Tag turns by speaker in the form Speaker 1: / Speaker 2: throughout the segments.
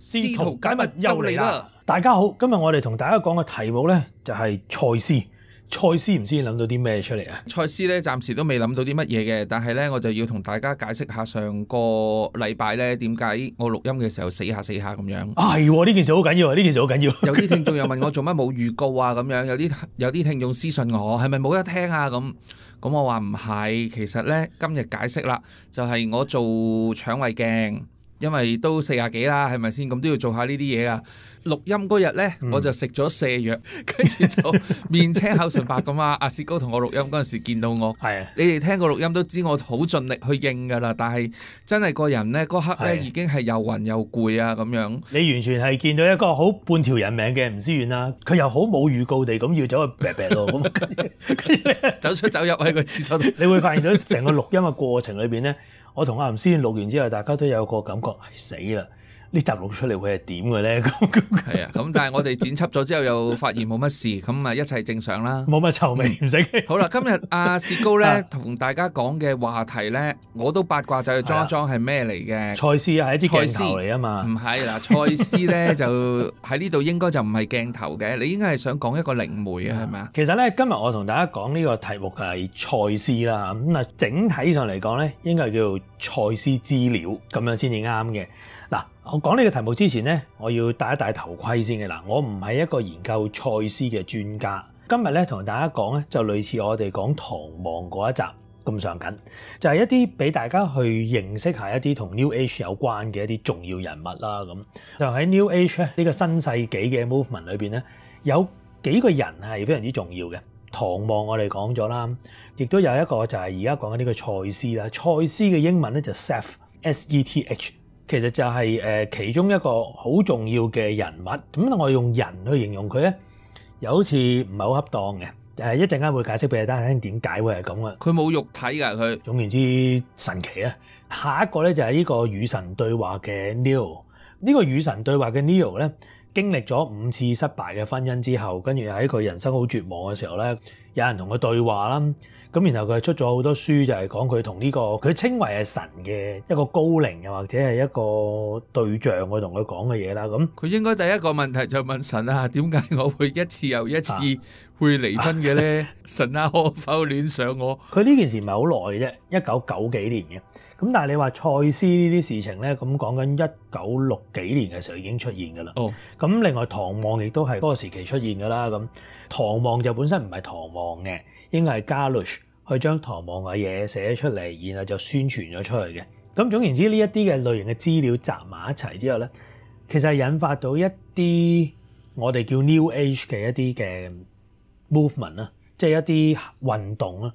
Speaker 1: 試圖解密又嚟啦！大家好，今日我哋同大家講嘅題目呢，就係蔡斯，賽斯。蔡斯唔知諗到啲咩出嚟啊？
Speaker 2: 蔡斯呢，暫時都未諗到啲乜嘢嘅，但係呢，我就要同大家解釋下上個禮拜呢，點解我錄音嘅時候死下死下咁樣。
Speaker 1: 哎、啊、喎，呢件事好緊要，呢
Speaker 2: 件事好緊要。有啲聽眾又問我做乜冇預告啊？咁 樣有啲有啲聽眾私信我係咪冇得聽啊？咁咁我話唔係，其實呢，今日解釋啦，就係、是、我做腸胃鏡。因為都四廿幾啦，係咪先？咁都要做下呢啲嘢啊！錄音嗰日咧，嗯、我就食咗瀉藥，跟住就面青口唇白咁 啊！阿薛高同我錄音嗰陣時見到我，的你哋聽個錄音都知我好盡力去應噶啦，但係真係個人咧，嗰刻咧已經係又暈又攰啊咁樣。你完全係見到一個好半條人命嘅吳思遠啊！佢又好冇預告地咁要走去便便咯，咁跟
Speaker 1: 住走出走入去個廁所， 你會發現到成個錄音嘅過程裏邊咧。 我同阿吳先
Speaker 2: 錄完之後，大家都有個感覺，死啦！呢集錄出嚟會係點嘅咧？係啊，咁但係我哋剪輯咗之後又發現冇乜事，咁啊一切正常啦。冇乜臭味，唔使驚。好啦，今日阿薛高咧同大家講嘅話題咧，我都八卦就係裝一裝係咩嚟嘅？賽斯係一支鏡頭嚟啊嘛？唔係嗱，賽斯咧就喺呢度應該就唔係鏡頭嘅，你應該係想講一個靈媒啊？係咪？其實咧今日我同大家講
Speaker 1: 呢個題目係賽斯啦，咁啊整體上嚟講咧，應該係叫做賽斯資料咁樣先至啱嘅。我講呢個題目之前咧，我要戴一戴頭盔先嘅啦，我唔係一個研究賽斯嘅專家。今日咧同大家講咧，就類似我哋講唐望嗰一集咁上緊，就係一啲俾大家去認識下一啲同 New Age 有關嘅一啲重要人物啦咁。就喺 New Age 呢個新世紀嘅 movement 裏面咧，有幾個人係非常之重要嘅。唐望我哋講咗啦，亦都有一個就係而家講緊呢個賽斯啦。賽斯嘅英文咧就 Seth S E T H。其實就係誒其中一個好重要嘅人物，咁我用人去形容佢咧，又好似唔係好恰當嘅。誒，一陣間會解釋俾你聽點解會係咁嘅。佢冇肉體噶、啊、佢。總言之神奇啊！下一個咧就係呢個與神對話嘅 Neil。呢、呢個與神對話嘅 Neil 咧，經歷咗五次失敗嘅婚姻之後，跟住喺佢人生好絕望嘅時候咧，有人同佢對話啦。咁然後佢出咗好多書，就係講佢同呢個佢稱為係神嘅一個高靈，又或者係一個對象，我同佢講嘅嘢啦。咁
Speaker 2: 佢應該第一個問題就問神啊：點解我會一次又一次會離婚嘅咧？ 神啊，可否戀上我？
Speaker 1: 佢呢件事唔係好耐嘅啫，一九九幾年嘅。咁但係你話賽斯呢啲事情咧，咁講緊一九六幾年嘅時候已經出現㗎啦。哦。咁另外唐望亦都係嗰個時期出現㗎啦。咁唐望就本身唔係唐望嘅。應該係加魯去將唐望嘅嘢寫出嚟，然後就宣傳咗出去嘅。咁總言之，呢一啲嘅類型嘅資料集埋一齊之後咧，其實係引發到一啲我哋叫 New Age 嘅一啲嘅 movement 啦，即係一啲運動啦。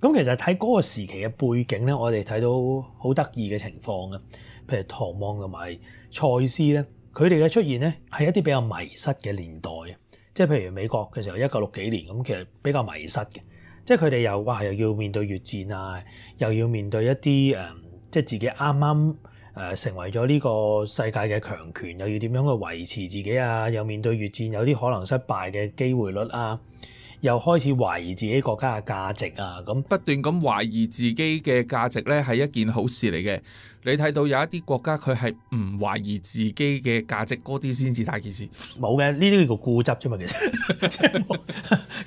Speaker 1: 咁其實睇嗰個時期嘅背景咧，我哋睇到好得意嘅情況嘅，譬如唐望同埋賽斯咧，佢哋嘅出現咧係一啲比較迷失嘅年代啊。即係譬如美國嘅時候，一九六幾年咁，其實比較迷失嘅。即係佢哋又哇，又要面對越戰啊，又要面對一啲誒，即係自己啱啱誒成為咗呢個世界嘅強權，又要點樣去維持自己啊？
Speaker 2: 又面對越戰，有啲可能失敗嘅機會率啊！又開始懷疑自己國家嘅價值啊！咁不斷咁懷疑自己嘅價值咧，係一件好事嚟嘅。你睇到有一啲國家佢係唔懷疑自己嘅價值，嗰啲先至大件事。冇嘅，呢啲叫固執啫嘛，其實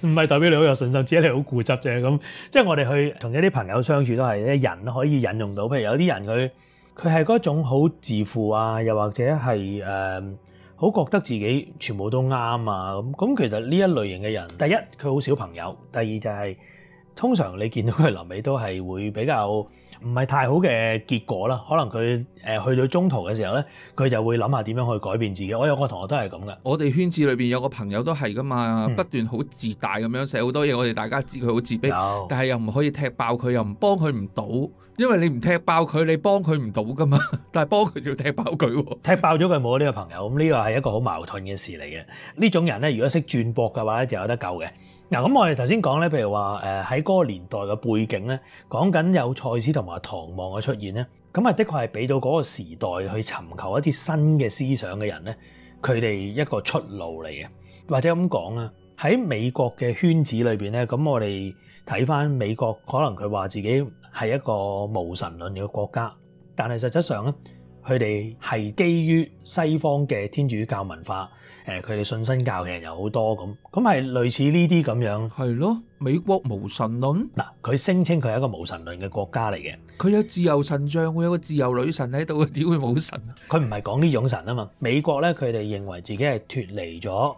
Speaker 2: 唔係 代表你好有信心，只係你好
Speaker 1: 固執啫。咁即係我哋去同一啲朋友相處都係咧，人可以引用到，譬如有啲人佢佢係嗰種好自負啊，又或者係誒。呃好覺得自己全部都啱啊咁咁，其實呢一類型嘅人，第一佢好少朋友，第二就係、是、通常你見到佢臨尾都係會比較唔係太好嘅結果啦。
Speaker 2: 可能佢去到中途嘅時候咧，佢就會諗下點樣去改變自己。我有個同學都係咁嘅。我哋圈子裏面有個朋友都係㗎嘛，不斷好自大咁樣寫好多嘢，我哋大家知佢好自卑，但係又唔可以踢爆佢，又唔幫佢唔到。因為你唔踢爆佢，你幫佢唔到噶嘛。但係幫佢就要踢爆佢，踢爆咗佢冇呢個朋友。咁呢個係一個好矛盾嘅
Speaker 1: 事嚟嘅。呢種人咧，如果識轉博嘅話咧，就有得救嘅。嗱、呃，咁我哋頭先講咧，譬如話喺嗰個年代嘅背景咧，講緊有賽斯同埋唐望嘅出現咧，咁啊，的確係俾到嗰個時代去尋求一啲新嘅思想嘅人咧，佢哋一個出路嚟嘅，或者咁講啊。喺美國嘅圈子裏面咧，咁我哋睇翻美國可能佢話自己，係一個無神論嘅國家，但係實質上咧，佢哋係基於西方嘅天主教文化，誒，佢哋信新教嘅人有好多咁，咁係類似呢啲咁樣。係咯，美國無神論。嗱，佢聲稱佢係一個無神論嘅國家嚟嘅，佢有自由神像，會有個自由女神喺度，點會冇神？佢唔係講呢種神啊嘛。美國咧，佢哋認為自己係脫離咗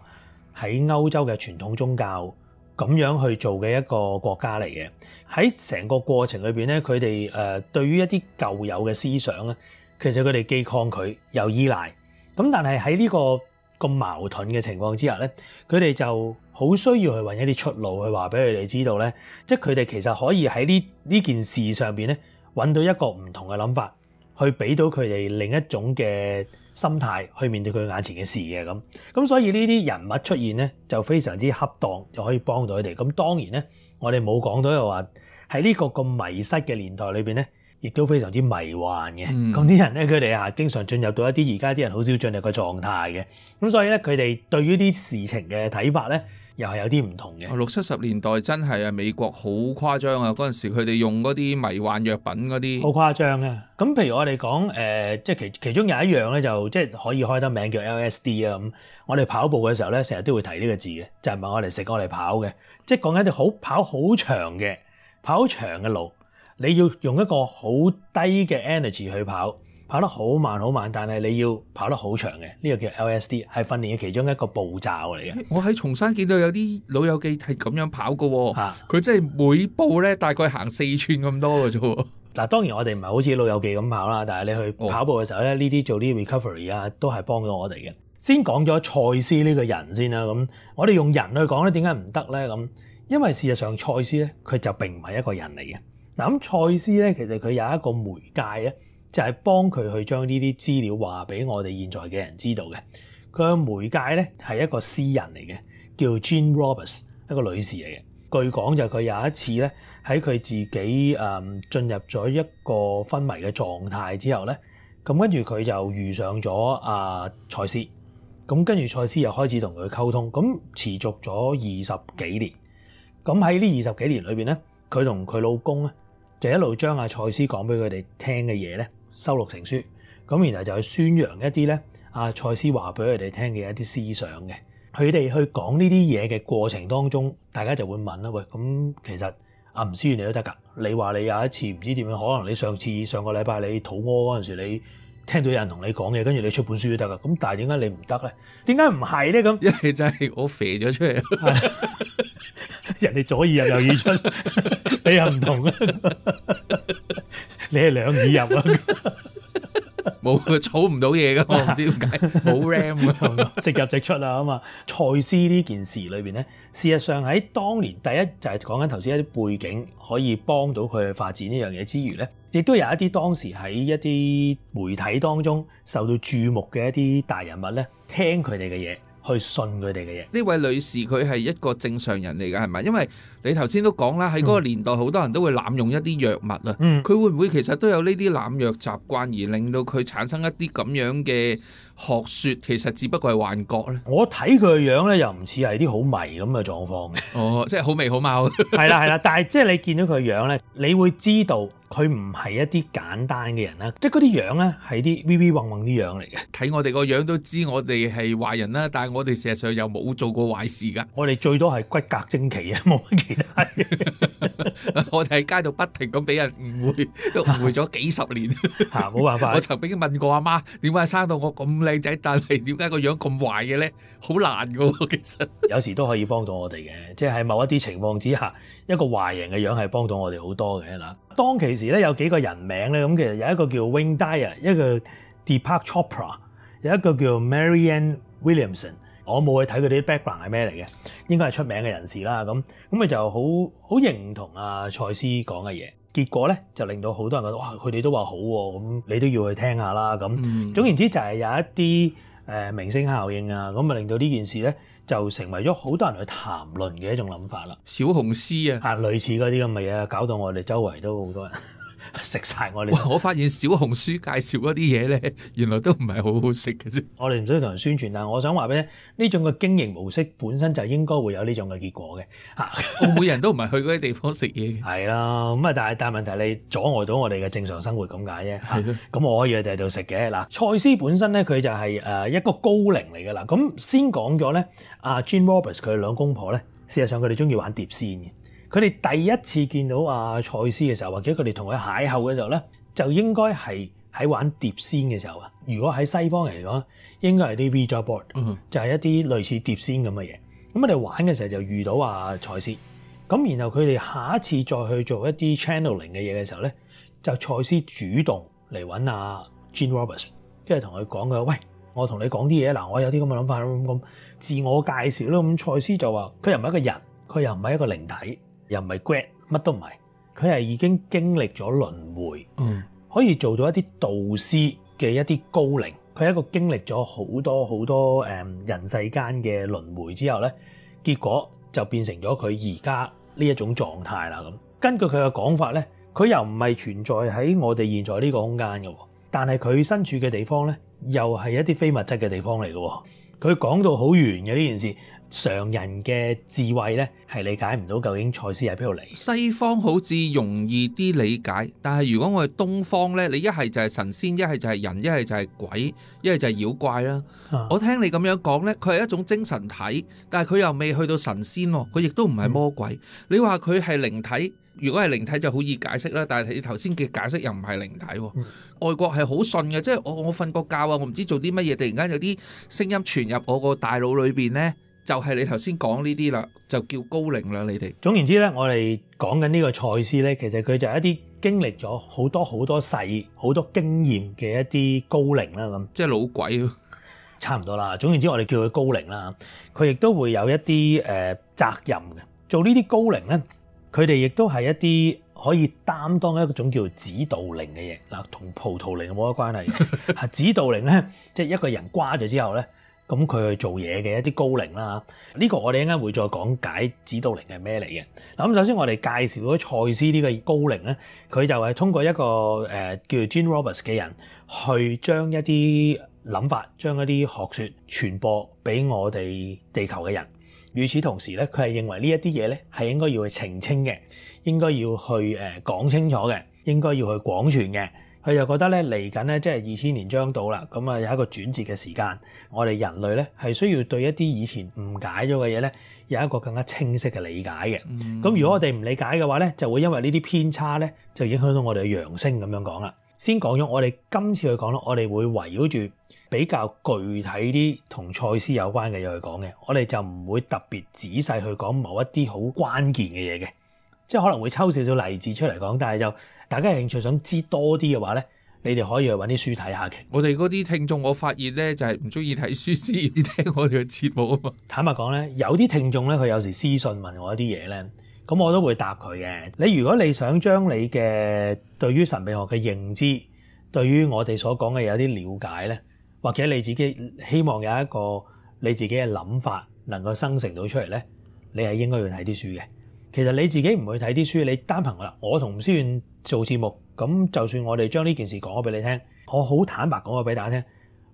Speaker 1: 喺歐洲嘅傳統宗教咁樣去做嘅一個國家嚟嘅。喺成個過程裏邊咧，佢哋誒對於一啲舊有嘅思想咧，其實佢哋既抗拒又依賴。咁但係喺呢個咁矛盾嘅情況之下咧，佢哋就好需要去揾一啲出路去話俾佢哋知道咧，即係佢哋其實可以喺呢呢件事上邊咧揾到一個唔同嘅諗法，去俾到佢哋另一種嘅心態去面對佢眼前嘅事嘅咁，咁所以呢啲人物出現咧就非常之恰當，就可以幫到佢哋。咁當然咧，我哋冇講到又話喺呢個咁迷失嘅年代裏面咧，亦都非常之迷幻嘅。咁啲人咧，佢哋啊，經常進入到一啲而家啲人好少進入嘅狀態嘅。咁所以咧，佢
Speaker 2: 哋對於啲事情嘅睇法咧，又係有啲唔同嘅。六七十年代真係啊，美國好誇張啊！嗰陣時佢哋用嗰啲迷幻藥品嗰啲好誇張啊。咁譬如
Speaker 1: 我哋講誒，即係、呃、其其中有一樣咧，就即係可以開得名叫 LSD 啊。咁我哋跑步嘅時候咧，成日都會提呢個字嘅，就問、係、我哋食，我哋跑嘅，即係講緊啲好跑好長嘅跑好長嘅路，你要用一個好低嘅 energy 去跑，跑得好慢好慢，但係你要跑得好長嘅，呢、這個叫 LSD，係訓練嘅其
Speaker 2: 中一個步驟嚟嘅。我喺松山見到有啲老友記係咁樣跑嘅。哦，佢真係每步咧大概行四寸咁多嘅啫。嗱、啊，當然我哋唔係好似老友記咁跑
Speaker 1: 啦，但係你去跑步嘅時候咧，呢、哦、啲做啲 recovery 啊，都係幫到我哋嘅。先講咗賽斯呢個人先啦，咁我哋用人去講咧，點解唔得咧？咁因為事實上賽斯咧，佢就並唔係一個人嚟嘅。嗱咁賽斯咧，其實佢有一個媒介咧。就係幫佢去將呢啲資料話俾我哋現在嘅人知道嘅。佢嘅媒介咧係一個詩人嚟嘅，叫 Jane Roberts，一個女士嚟嘅。據講就佢有一次咧喺佢自己誒進、嗯、入咗一個昏迷嘅狀態之後咧，咁跟住佢就遇上咗阿賽斯，咁跟住賽斯又開始同佢溝通，咁持續咗二十幾年。咁喺呢二十幾年裏面咧，佢同佢老公咧就一路將阿賽斯講俾佢哋聽嘅嘢咧，收錄成書，咁然後就去宣揚一啲咧，阿、啊、賽斯話俾佢哋聽嘅一啲思想嘅，佢哋去講呢啲嘢嘅過程當中，大家就會問啦，喂，咁、嗯、其實阿吳、啊、思遠你都得㗎，你話你有一次唔知點樣，可能你上次上個禮拜你肚屙嗰陣時你，聽到有人同你講嘢，跟住你出本書都得噶。咁但係點解你唔得咧？點解唔係咧？咁，一係就係我肥咗出嚟， 人哋左耳入右耳出， 比同 你又唔同啊？你係兩耳入啊？
Speaker 2: 冇，儲唔到嘢噶嘛？唔知點解冇 RAM，直入直出
Speaker 1: 啦嘛。賽斯呢件事裏面咧，事實上喺當年第一就係講緊頭先一啲背景，可以幫到佢發展呢樣嘢之餘咧。亦都有一啲當時喺一啲媒體當中受到注目嘅一啲大人物咧，聽佢哋嘅嘢，
Speaker 2: 去信佢哋嘅嘢。呢位女士佢係一個正常人嚟㗎，係咪？因為你頭先都講啦，喺嗰個年代好、嗯、多人都會濫用一啲藥物啊。佢、嗯、會唔會其實都有呢啲濫藥習慣，而令到佢產生一啲咁樣嘅？學説其實只不過係幻覺咧，
Speaker 1: 我睇佢嘅樣咧又唔似係啲好迷咁嘅狀況嘅。哦，
Speaker 2: 即係好眉好貌，係啦係啦，
Speaker 1: 但係即係你見到佢嘅樣咧，你會知道佢唔係一啲簡單嘅人啦，即係嗰
Speaker 2: 啲樣咧係啲微微戙戙啲樣嚟嘅。睇我哋個樣都知我哋係壞人啦，但係我哋事實上又冇做過壞事㗎。我哋最多係骨骼精奇啊，冇乜其他嘢。 我哋喺街度不停咁俾人誤會，都誤會咗幾十年嚇，冇、 啊啊、辦法。我曾經問過阿媽，媽，點解生到我咁？靚仔，但係點解個樣咁壞嘅咧？好難嘅、啊，其實有時都可以幫到我哋嘅，即係喺某一啲情況之下，一個
Speaker 1: 壞人嘅樣係幫到我哋好多嘅嗱。當其時咧有幾個人名咧，咁其實有一個叫 Wayne Dyer 一個 Deepak Chopra，有一個叫 Marianne Williamson。我冇去睇佢啲 background 係咩嚟嘅，應該係出名嘅人士啦。咁咁咪就好好認同阿塞斯講嘅嘢。結果咧就令到好多人覺得哇，佢哋都話好喎、啊，咁你都要去聽下啦。咁、嗯、總言之就係有一啲誒、呃、明星效應啊，咁啊令到呢件事咧就成為咗好多人去談論嘅一種諗法啦。小紅書啊，啊類似嗰啲咁嘅嘢，搞到我哋周圍都好多人。 食晒我哋，我發現小紅書介紹嗰啲嘢咧，原來都唔係好好食嘅啫。我哋唔需要同人宣傳，但係我想話俾你，呢種嘅經營模式本身就應該會有呢種嘅結果嘅。吓， 每人都唔係去嗰啲地方食嘢係係咁啊，但係但係問題你阻礙到我哋嘅正常生活咁解啫。咁、啊、我可以喺第度食嘅嗱。賽斯本身咧，佢就係誒一個高靈嚟噶啦。咁先講咗咧，阿 Jane Roberts 佢兩公婆咧，事實上佢哋中意玩碟仙嘅。佢哋第一次見到阿賽斯嘅時候，或者佢哋同佢邂逅嘅時候咧，就應該係喺玩碟仙嘅時候啊。如果喺西方嚟講，應該係啲 Ouija board，就係一啲類似碟仙咁嘅嘢。咁佢哋玩嘅時候就遇到阿賽斯。咁然後佢哋下一次再去做一啲 channeling 嘅嘢嘅時候咧，就賽斯主動嚟揾阿 Jane Roberts，即係同佢講嘅，喂，我同你講啲嘢嗱，我有啲咁嘅諗法咁咁，自我介紹啦。咁賽斯就話佢又唔係一個人，佢又唔係一個靈體。又唔係 grad，乜都唔係，佢係已經經歷咗輪迴，可以做到一啲導師嘅一啲高齡。佢係一個經歷咗好多好多誒人世間嘅輪迴之後咧，結果就變成咗佢而家呢一種狀態啦。咁根據佢嘅講法咧，佢又唔係存在喺我哋現在呢個空間嘅，但係佢身處嘅地方咧，又係一啲非物質嘅地方嚟嘅。佢講到好
Speaker 2: 圓嘅呢件事。常人嘅智慧呢，係理解唔到究竟賽斯喺邊度嚟。西方好似容易啲理解，但係如果我哋東方呢，你一係就係神仙，一係就係人，一係就係鬼，一係就係妖怪啦、啊。我聽你咁樣講呢，佢係一種精神體，但係佢又未去到神仙喎，佢亦都唔係魔鬼。嗯、你話佢係靈體，如果係靈體就好易解釋啦。但係你頭先嘅解釋又唔係靈體。嗯、外國係好信嘅，即係我我瞓個覺啊，我唔知做啲乜嘢，突然間有啲聲音傳入我個大腦裏面呢。就係、是、你頭先講呢啲啦，就叫高靈啦，你哋。總言之咧，我哋
Speaker 1: 講緊呢個賽斯咧，其實佢就係一啲經歷咗好多好多世、好多經驗嘅一啲高靈啦。咁即係老鬼、啊，差唔多啦。總言之我，我哋叫佢高靈啦。佢亦都會有一啲誒、呃、責任嘅。做呢啲高靈咧，佢哋亦都係一啲可以擔當一個種叫指導靈嘅嘢嗱，同葡萄靈冇乜關係。指導靈咧，即係一個人瓜咗之後咧。咁佢去做嘢嘅一啲高靈啦。呢個我哋應該會再講解指導靈係咩嚟嘅。咁首先我哋介紹咗賽斯呢個高靈咧，佢就係通過一個誒叫做 Jane Roberts 嘅人去將一啲諗法、將一啲學説傳播俾我哋地球嘅人。與此同時咧，佢係認為呢一啲嘢咧係應該要去澄清嘅，應該要去誒講清楚嘅，應該要去廣傳嘅。佢就覺得咧，嚟緊咧即係二千年將到啦，咁啊有一個轉折嘅時間。我哋人類咧係需要對一啲以前誤解咗嘅嘢咧有一個更加清晰嘅理解嘅。咁、嗯、如果我哋唔理解嘅話咧，就會因為呢啲偏差咧就影響到我哋嘅揚升咁樣講啦。先講咗我哋今次去講啦，我哋會圍繞住比較具體啲同賽斯有關嘅嘢去講嘅。我哋就唔會特別仔細去講某一啲好關鍵嘅嘢嘅，即係可能會抽少少例子出嚟講，但係就。大家有興趣想知多啲嘅話咧，你哋可以去揾啲書睇下嘅。我哋嗰啲聽眾，我發現咧就係唔中意睇書先聽我哋嘅節目啊。坦白講咧，有啲聽眾咧，佢有時私信問我一啲嘢咧，咁我都會答佢嘅。你如果你想將你嘅對於神秘學嘅認知，對於我哋所講嘅有啲了解咧，或者你自己希望有一個你自己嘅諗法能夠生成到出嚟咧，你係應該要睇啲書嘅。其實你自己唔會睇啲書，你單憑我啦。我同吳思遠做節目，咁就算我哋將呢件事講咗俾你聽，我好坦白講咗俾大家聽，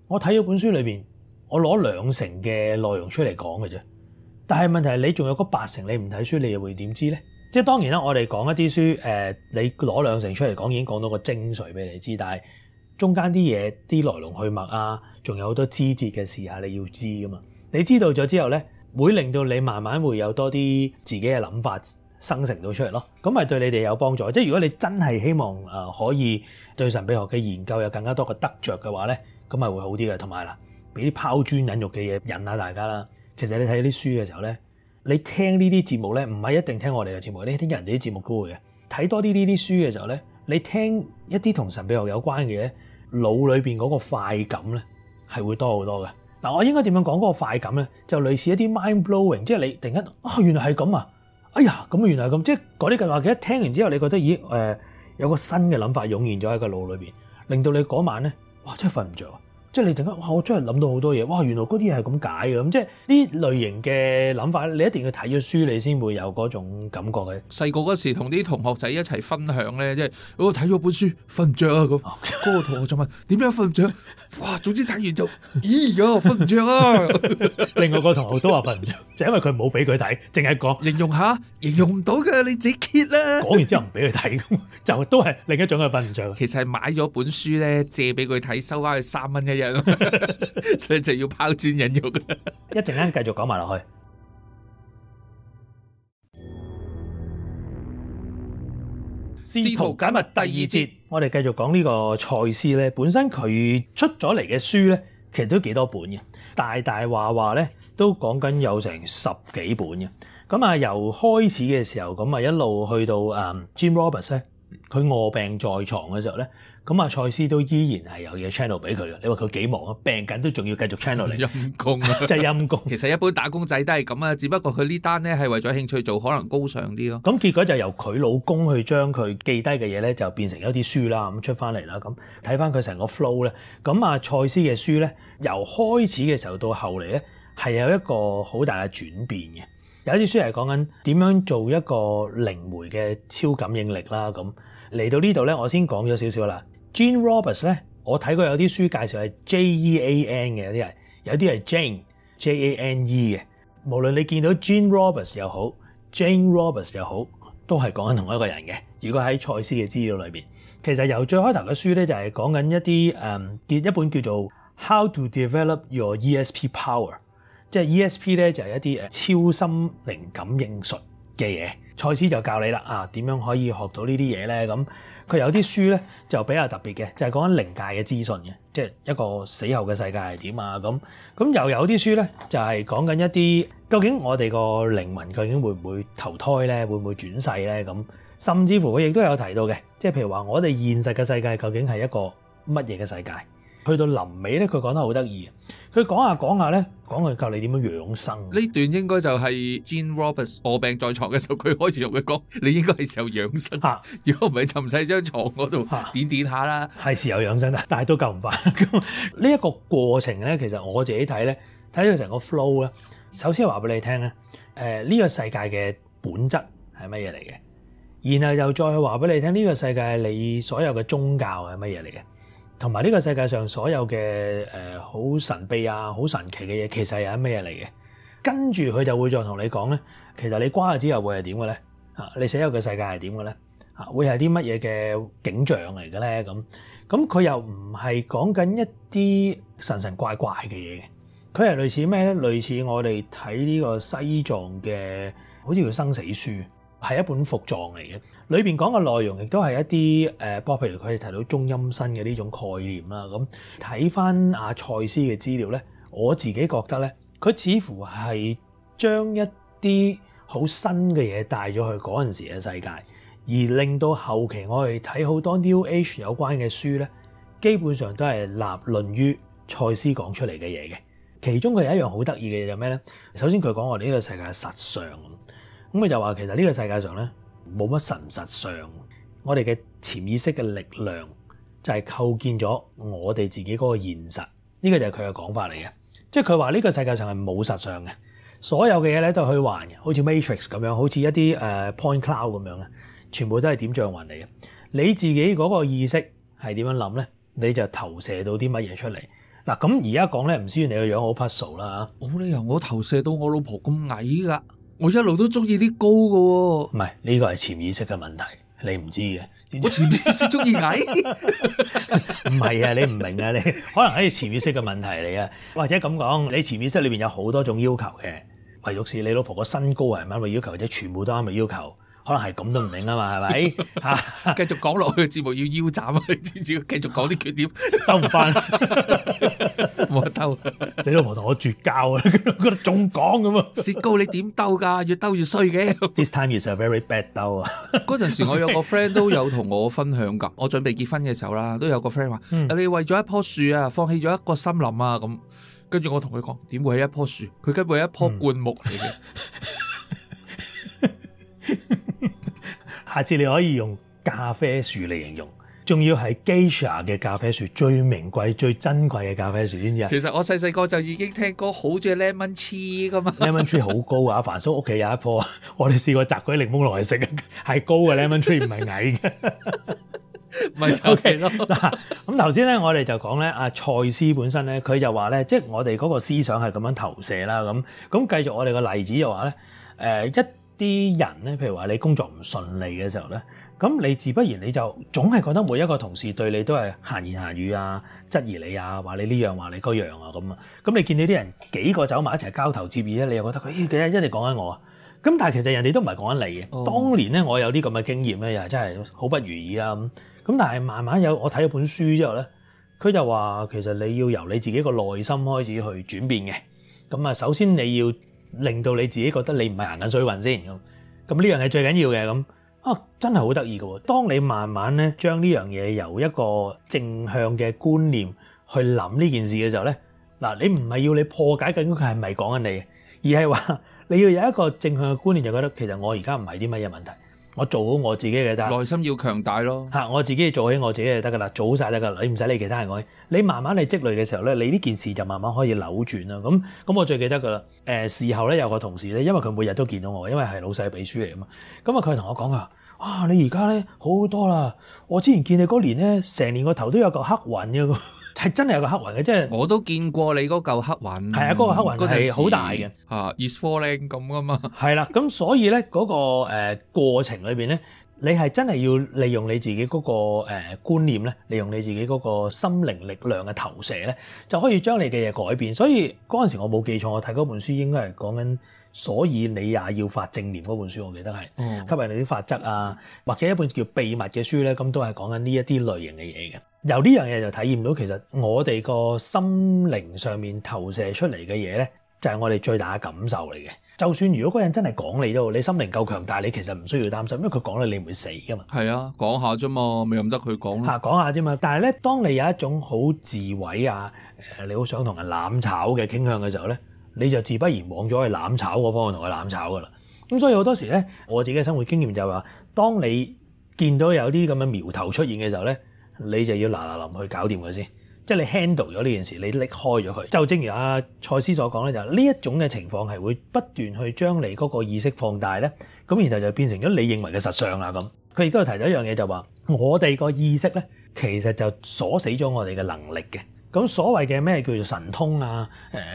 Speaker 1: 我睇咗本書裏面，我攞兩成嘅內容出嚟講嘅啫。但係問題係你仲有嗰八成你唔睇書，你又會點知呢？即係當然啦，我哋講一啲書，誒、呃、你攞兩成出嚟講已經講到個精髓俾你知，但係中間啲嘢、啲來龍去脈啊，仲有好多枝節嘅事啊，你要知噶嘛？你知道咗之後呢，會令到你慢慢會有多啲自己嘅諗法生成到出嚟咯，咁咪對你哋有幫助。即係如果你真係希望誒可以對神秘學嘅研究有更加多嘅得著嘅話咧，咁係咁係會好啲嘅。同埋啦，俾啲拋磚引玉嘅嘢引下大家啦。其實你睇啲書嘅時候咧，你聽呢啲節目咧，唔係一定聽我哋嘅節目，你聽人哋啲節目都會嘅。睇多啲呢啲書嘅時候咧，你聽一啲同神秘學有關嘅嘢，腦裏面嗰個快感咧係會多好多嘅。嗱，我應該點樣講個快感咧？就類似一啲 mind blowing，即係你突然間啊、哦，原來係咁啊！哎呀，咁原來係咁，即係嗰啲計劃嘅。一聽完之後你覺得咦？誒、呃、有個新嘅諗法湧現咗喺個腦裏邊，令到你嗰晚咧，哇！真係瞓唔着啊！即係你突然間，哇！我真係諗到好多嘢，哇！原來嗰啲嘢係咁解嘅。咁，即係
Speaker 2: 呢類型嘅諗法，你一定要睇咗書，你先會有嗰種感覺嘅。細個嗰時同啲同學仔一齊分享咧，即係我睇咗本書瞓唔着啊咁。嗰、嗰個同學就問：點樣瞓唔着？哇！總之睇完就咦，我瞓唔着啊！另外一個同學都話瞓唔着，就係、因為佢冇俾佢睇，淨係講形容下，形容唔到嘅，你自己揭啦。講完之後唔俾佢睇，就都係另一種嘅瞓唔着。其實係買咗本書咧，借俾佢睇，收翻佢三蚊一日。所以就要拋磚引玉啦，一陣間繼續講埋落去。
Speaker 1: 試圖解密第二節，我哋繼續講呢個賽斯咧。本身佢出咗嚟嘅書咧，其實都幾多本嘅，大大話話咧都講緊有成十幾本嘅。咁啊，由開始嘅時候咁啊，一路去到誒 Jim Roberts 咧，佢卧病在床嘅時候咧。咁啊，賽斯都依然
Speaker 2: 係有嘢 channel 俾佢嘅。你話佢幾忙啊？病緊都仲要繼續 channel 嚟，陰功啊！係陰功。其實一般打工仔都係咁啊，只不過佢呢單咧係為咗興趣做，可能高尚啲咯。咁結果就由
Speaker 1: 佢老公去將佢記低嘅嘢咧，就變成一啲書啦，咁出翻嚟啦。咁睇翻佢成個 flow 咧，咁啊，賽斯嘅書咧，由開始嘅時候到後嚟咧，係有一個好大嘅轉變嘅。有啲書係講緊點樣做一個靈媒嘅超感應力啦，咁嚟到呢度咧，我先講咗少少啦。Jean Roberts 咧，我睇過有啲書介紹係 J E A N 嘅，有啲人有啲係 Jane J A N E 嘅。無論你見到 Jean Roberts 又好，Jane Roberts 又好，都係講緊同一個人嘅。如果喺賽斯嘅資料裏邊，其實由最開頭嘅書咧就係講緊一啲誒，啲一本叫做《How to Develop Your ESP Power》，即係 ESP 咧就係一啲誒，超心靈感應術嘅嘢。塞斯就教你啦，啊點樣可以學到呢啲嘢呢？咁、嗯、佢有啲書呢就比較特別嘅，就係講緊靈界嘅資訊嘅，即係一個死後嘅世界係點啊？咁、嗯、咁又有啲書呢，就係講緊一啲究竟我哋個靈魂究竟會唔會投胎呢，會唔會轉世呢。咁、嗯、甚至乎佢亦都有提到嘅，即係譬如話我哋現實嘅世界究竟係一個乜嘢嘅世界？去到臨尾咧，佢講得好得意，佢講下講下咧，講佢教你點樣養
Speaker 2: 生。呢段應該就係 Jane Roberts 臥病在床嘅時候，佢開始用佢講：「你應該係時、啊啊、時候養生。嚇！如果唔係，就唔使張床嗰度點點下啦。係時候養生啦，但
Speaker 1: 係都救唔翻。呢 一個過程咧，其實我自己睇咧，睇到成個 flow 咧。首先話俾你聽咧，呢、呃這個世界嘅本質係乜嘢嚟嘅？然後又再話俾你聽，呢、這個世界你所有嘅宗教係乜嘢嚟嘅？同埋呢個世界上所有嘅誒好神秘啊、好神奇嘅嘢，其實係咩嘢嚟嘅？跟住佢就會再同你講咧，其實你瓜咗之後會係點嘅咧？嚇，你寫有嘅世界係點嘅咧？嚇，會係啲乜嘢嘅景象嚟嘅咧？咁咁佢又唔係講緊一啲神神怪怪嘅嘢，佢係類似咩咧？類似我哋睇呢個西藏嘅，好似叫生死書。係一本服裝嚟嘅，裏邊講嘅內容亦都係一啲誒，包括譬如佢哋提到中陰身嘅呢種概念啦。咁睇翻阿賽斯嘅資料咧，我自己覺得咧，佢似乎係將一啲好新嘅嘢帶咗去嗰陣時嘅世界，而令到後期我哋睇好多 New Age 有關嘅書咧，基本上都係立論於賽斯講出嚟嘅嘢嘅。其中佢有一樣好得意嘅嘢就咩咧？首先佢講我哋呢個世界係實相。咁佢就話其實呢個世界上咧冇乜神實相，我哋嘅潛意識嘅力量就係構建咗我哋自己嗰個現實。呢個就係佢嘅講法嚟嘅，即係佢話呢個世界上係冇實相嘅，所有嘅嘢咧都係虛幻嘅，好似 Matrix 咁樣，好似一啲誒 Point Cloud 咁樣嘅，全部都係點狀雲嚟嘅。你自己嗰個意識係點樣諗咧，你就投射到啲乜嘢出嚟。嗱，咁而家講咧，唔需要你個樣好 Puzzle 啦吓。冇理由我投射到我老婆咁矮噶。我一路都中意啲高嘅喎，唔係呢個係潛意識嘅問題，你唔知嘅。我潛意識中意矮，唔 係啊！你唔明啊！你可能係潛意識嘅問題嚟啊，或者咁講，你潛意識裏邊有好多種要求嘅，唯獨是你老婆個身高係咪啱嘅要求，或者全部都啱嘅要求？可能係咁都唔明啊嘛，係
Speaker 2: 咪？吓，繼續講落去，節目要腰斬啊！你知唔知？繼續講啲缺點，兜唔翻，啦，
Speaker 1: 冇得兜。你老婆同我絕交啊！覺得仲
Speaker 2: 講咁啊？薛高你點兜噶？越兜越衰嘅。This time is a very bad 兜啊！嗰陣時我有個 friend 都有同我分享噶，我準備結婚嘅時候啦，都有個 friend 話：，你為咗一棵樹啊，放棄咗一個森林啊！咁，跟住我同佢講：，點會係一棵樹？佢根本係一棵灌木嚟嘅。
Speaker 1: 下次你可以用咖啡樹嚟形容，仲要係基 a 嘅咖啡樹最名貴、最珍貴嘅咖啡樹點啫？其
Speaker 2: 實我細細個就已經聽歌好中意 lemon tree 咁嘛。lemon tree
Speaker 1: 好高啊！ 凡叔屋企有一棵，我哋試過摘鬼啲檸檬落去食，係高嘅 lemon tree，唔係矮嘅，唔係丑奇咯。嗱、 啊，咁頭先咧，我哋就講咧，阿蔡司本身咧，佢就話咧，即係我哋嗰個思想係咁樣投射啦。咁咁，繼續我哋個例子就話咧，誒、呃、一。啲人咧，譬如話你工作唔順利嘅時候咧，咁你自不然你就總係覺得每一個同事對你都係閒言閒語啊、質疑你啊、話你呢樣話你嗰樣啊咁啊，咁你見到啲人幾個走埋一齊交頭接耳咧，你又覺得佢咦、哎、一定講緊我啊？咁但係其實人哋都唔係講緊你嘅。當年咧我有啲咁嘅經驗咧，又真係好不如意啊咁。咁但係慢慢有我睇咗本書之後咧，佢就話其實你要由你自己個內心開始去轉變嘅。咁啊，首先你要。令到你自己覺得你唔係行緊水運先咁，咁呢樣係最緊要嘅咁啊！真係好得意嘅喎。當你慢慢咧將呢樣嘢由一個正向嘅觀念去諗呢件事嘅時候咧，嗱，你唔係要你破解緊佢係咪講緊你，而係話你要有一個正向嘅觀念，就覺得其實我而家唔係啲乜嘢問題。我做好我自己就得，內心要強大咯。嚇，我自己做起我自己就得㗎喇，做好晒得㗎喇。你唔使理其他人我。你慢慢你積累嘅時候呢，你呢件事就慢慢可以扭轉啦。咁咁我最記得㗎喇，呃。事後呢，有個同事呢，因為佢每日都見到我，因為係老細俾書嚟啊嘛。咁佢同我講㗎。啊你而家咧，好多啦，我之前見你嗰年咧，成年個頭都有嚿黑雲嘅，
Speaker 2: 係真係有個黑雲嘅，即係我都見過你嗰嚿黑雲，係、嗯那個、啊，嗰個黑雲係好大嘅，啊
Speaker 1: ，is falling 咁噶嘛，係啦，咁所以咧嗰、那個誒過程裏邊咧。你係真係要利用你自己嗰個誒觀念咧，利用你自己嗰個心靈力量嘅投射咧，就可以將你嘅嘢改變。所以嗰陣時我冇記錯，我睇嗰本書應該係講緊，所以你也要發正念嗰本書，我記得係，嗯、吸引你啲法則啊，或者一本叫秘密嘅書咧，咁都係講緊呢一啲類型嘅嘢嘅。由呢樣嘢就體驗到，其實我哋個心靈上面投射出嚟嘅嘢咧，就係、是、我哋最大嘅感受嚟嘅。就算如果個人真係講你都好，你心靈夠強大，但你其實唔需要擔心，因為佢講你你唔
Speaker 2: 會死噶嘛。係啊，講下啫嘛，咪任得佢講咯。嚇，
Speaker 1: 講下啫嘛。但係咧，當你有一種好自毀啊，你好想同人攬炒嘅傾向嘅時候咧，你就自不然往咗去攬炒嗰方向同佢攬炒噶啦。咁所以好多時咧，我自己嘅生活經驗就係話，當你見到有啲咁嘅苗頭出現嘅時候咧，你就要嗱嗱臨去搞掂佢先。即係你 handle 咗呢件事，你拎開咗佢，就正如阿賽斯所講咧，就係呢一種嘅情況係會不斷去將你嗰個意識放大咧，咁然後就變成咗你認為嘅實相啦咁。佢亦都提咗一樣嘢就話，我哋個意識咧其實就鎖死咗我哋嘅能力嘅。咁所謂嘅咩叫做神通啊？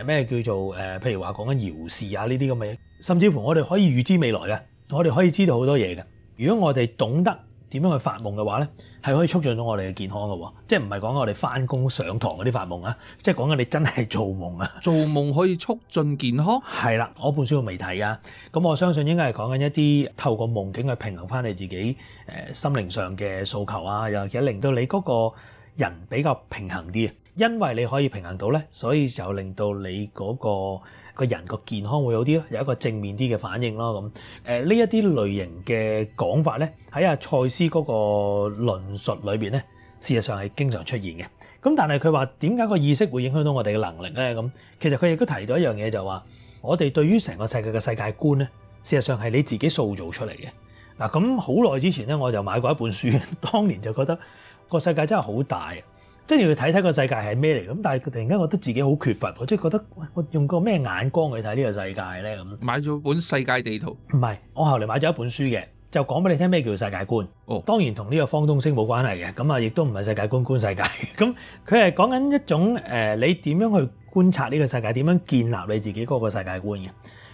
Speaker 1: 咩叫做誒？譬如話講緊遙視啊呢啲咁嘅嘢，甚至乎我哋可以預知未來嘅，我哋可以知道好多嘢嘅。如果我哋懂得，點樣去發夢嘅話咧，係可以促進到我哋嘅健康嘅喎，即係唔係講緊我哋翻工上堂嗰啲發夢啊，即係講緊你真係做夢啊。做夢可以促進健康？係啦，我本書我未睇啊，咁我相信應該係講緊一啲透過夢境去平衡翻你自己誒心靈上嘅訴求啊，又或者令到你嗰個人比較平衡啲嘅，因為你可以平衡到咧，所以就令到你嗰個。個人個健康會好啲咯，有一個正面啲嘅反應咯咁。呢一啲類型嘅講法咧，喺阿塞斯嗰個論述裏面咧，事實上係經常出現嘅。咁但係佢話點解個意識會影響到我哋嘅能力咧？咁其實佢亦都提到一樣嘢就話，我哋對於成個世界嘅世界觀咧，事實上係你自己塑造出嚟嘅。嗱咁好耐之前咧，我就買過一本書，當年就覺得個世界真係好大。即係要睇睇個世界係咩嚟咁，但係佢突然間覺得自己好缺乏，我即係覺得我用個咩眼光去睇呢個世界咧咁。買咗本世界地圖？唔係，我後嚟買咗一本書嘅，就講俾你聽咩叫世界觀。哦，當然同呢個方東升冇關係嘅，咁啊亦都唔係世界觀觀世界。咁佢係講緊一種誒，你點樣去觀察呢個世界，點樣建立你自己嗰個世界觀嘅。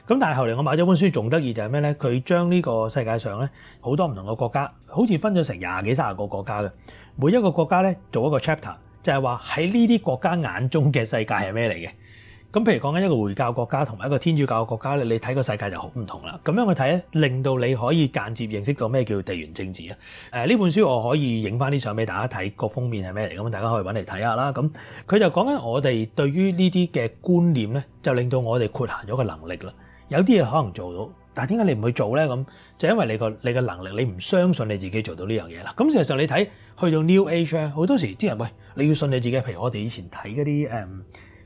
Speaker 1: 咁但係後嚟我買咗本書，仲得意就係咩咧？佢將呢個世界上咧好多唔同嘅國家，好似分咗成廿幾卅個國家嘅，每一個國家咧做一個 chapter。就係話喺呢啲國家眼中嘅世界係咩嚟嘅？咁譬如講緊一個回教國家同埋一個天主教嘅國家咧，你睇個世界就好唔同啦。咁樣去睇咧，令到你可以間接認識到咩叫地緣政治啊。誒，呢本書我可以影翻啲相俾大家睇，個封面係咩嚟咁？大家可以揾嚟睇下啦。咁佢就講緊我哋對於呢啲嘅觀念咧，就令到我哋擴限咗個能力啦。有啲嘢可能做到。但係點解你唔去做咧？咁就因為你個你嘅能力，你唔相信你自己做到呢樣嘢啦。咁事實上你睇去到 New Age，好多時啲人喂，你要信你自己。譬如我哋以前睇嗰啲誒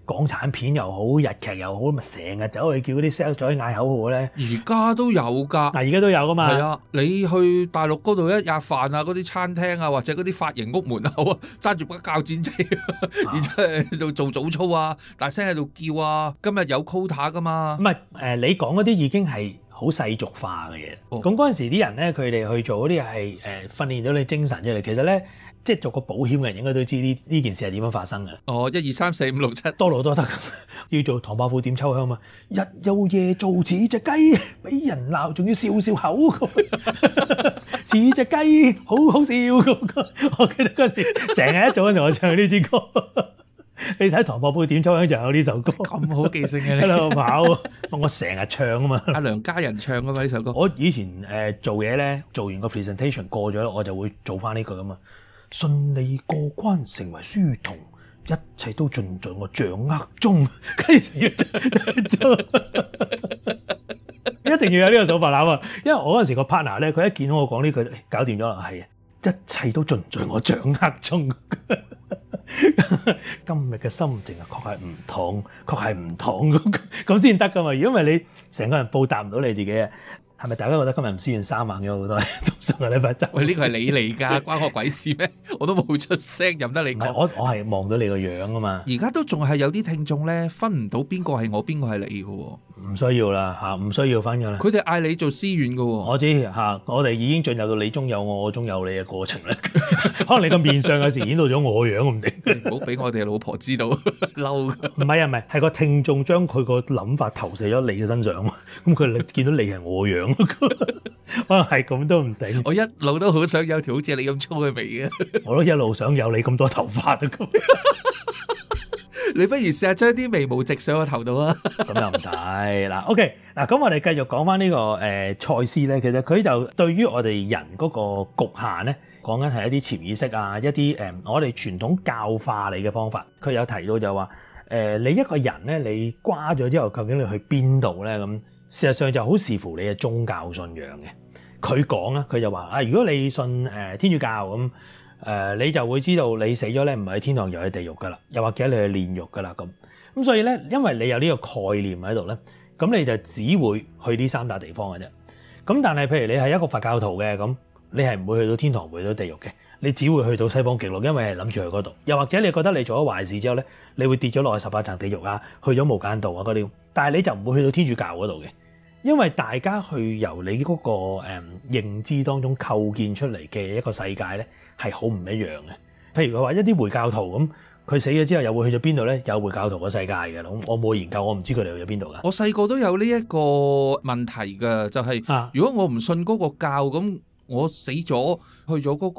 Speaker 1: 港產片又好，日劇又好，咪成日走去叫啲
Speaker 2: sales 嗌口號咧。而家都有㗎，而、啊、家都有㗎嘛。係啊，你去大陸嗰度一日飯啊，嗰啲餐廳啊，或者嗰啲髮型屋門口啊，揸住把鉸剪仔，然之後喺度做早操啊，大聲喺度叫啊，今日有 quota 㗎嘛。唔、
Speaker 1: 啊、係你講嗰啲已經係。好世俗化嘅嘢，咁嗰陣時啲人咧，佢哋去做嗰啲係誒訓練到你精神出嚟。其實咧，即係做個保險嘅人應該都知呢呢件事係點樣發生嘅。哦，一二三四五六七，多勞多得， 要做唐伯虎點秋香啊嘛，日又夜做似隻雞，俾人鬧仲要笑笑口似隻 雞好好笑咁。 我記得嗰時成日一早咧我唱呢支歌。 你睇唐伯虎點秋香就有呢首歌，咁好記性嘅你喺度跑， 我成日唱啊嘛。阿梁家仁唱噶嘛呢首歌。我以前誒做嘢咧，做完個 presentation 過咗，我就會做翻呢句咁嘛。順利過關，成為書童，一切都盡在我掌握中。 一定要有呢個手法攬啊！因為我嗰時個 partner 咧，佢一見到我講呢句，搞掂咗啦，係啊。一切都盡在我掌握中。今日嘅心情啊，確係唔同，確係唔同咁，咁先得㗎嘛。如果唔係你成個人報答唔到你自己，係咪大家覺得今日唔輸完三萬嘅好多，到上個禮拜
Speaker 2: 週？喂，呢個係你嚟㗎， 關我鬼事咩？我都冇出聲，任得你講。我我係望到你個樣啊嘛。而家都仲係有啲聽眾咧，分唔到邊個係我，邊個係你嘅喎。唔需要啦，嚇，唔需要翻噶啦。佢哋嗌你做思遠噶喎。我知嚇，我哋已經進入到你中
Speaker 1: 有我，我中有你嘅過程咧。可能你個面上有時演到咗我樣，唔定。唔好俾我哋老婆知道，嬲。唔係啊，唔係，係個聽眾將佢個諗法投射咗你嘅身上，咁佢見到你係我樣，可能係咁都唔定。我一路
Speaker 2: 都好想有條好似你咁粗嘅眉嘅。我都一路想有你咁多頭髮都。你不如試下將啲眉毛直上個頭度啊！ 咁又唔使啦
Speaker 1: OK 嗱，咁我哋繼續講翻、這個呃、呢個誒賽斯咧。其實佢就對於我哋人嗰個局限咧，講緊係一啲潛意識啊，一啲誒、呃、我哋傳統教化你嘅方法。佢有提到就話誒、呃，你一個人咧，你瓜咗之後，究竟你去邊度咧？咁、嗯、事實上就好視乎你嘅宗教信仰嘅。佢講啊，佢就話啊、呃，如果你信誒、呃、天主教咁，嗯誒，你就會知道你死咗咧，唔係喺天堂，又係地獄噶啦，又或者你係煉獄噶啦咁。咁所以咧，因為你有呢個概念喺度咧，咁你就只會去呢三笪地方嘅啫。咁但係譬如你係一個佛教徒嘅咁，你係唔會去到天堂，去到地獄嘅，你只會去到西方極樂，因為係諗住去嗰度。又或者你覺得你做咗壞事之後咧，你會跌咗落去十八層地獄啊，去咗無間道啊嗰啲。但係你就唔會去到天主教嗰度嘅，因為大家去由你嗰個、誒、認知當中構建出嚟嘅一個世界咧。係好唔一樣嘅。譬如佢話一啲回教徒咁，佢死
Speaker 2: 咗之後又會去咗邊度咧？有回教徒嘅世界嘅，我冇研究，我唔知佢哋去咗邊度㗎。我細個都有呢一個問題㗎，就係、是、如果我唔信嗰個教咁，我死咗去咗嗰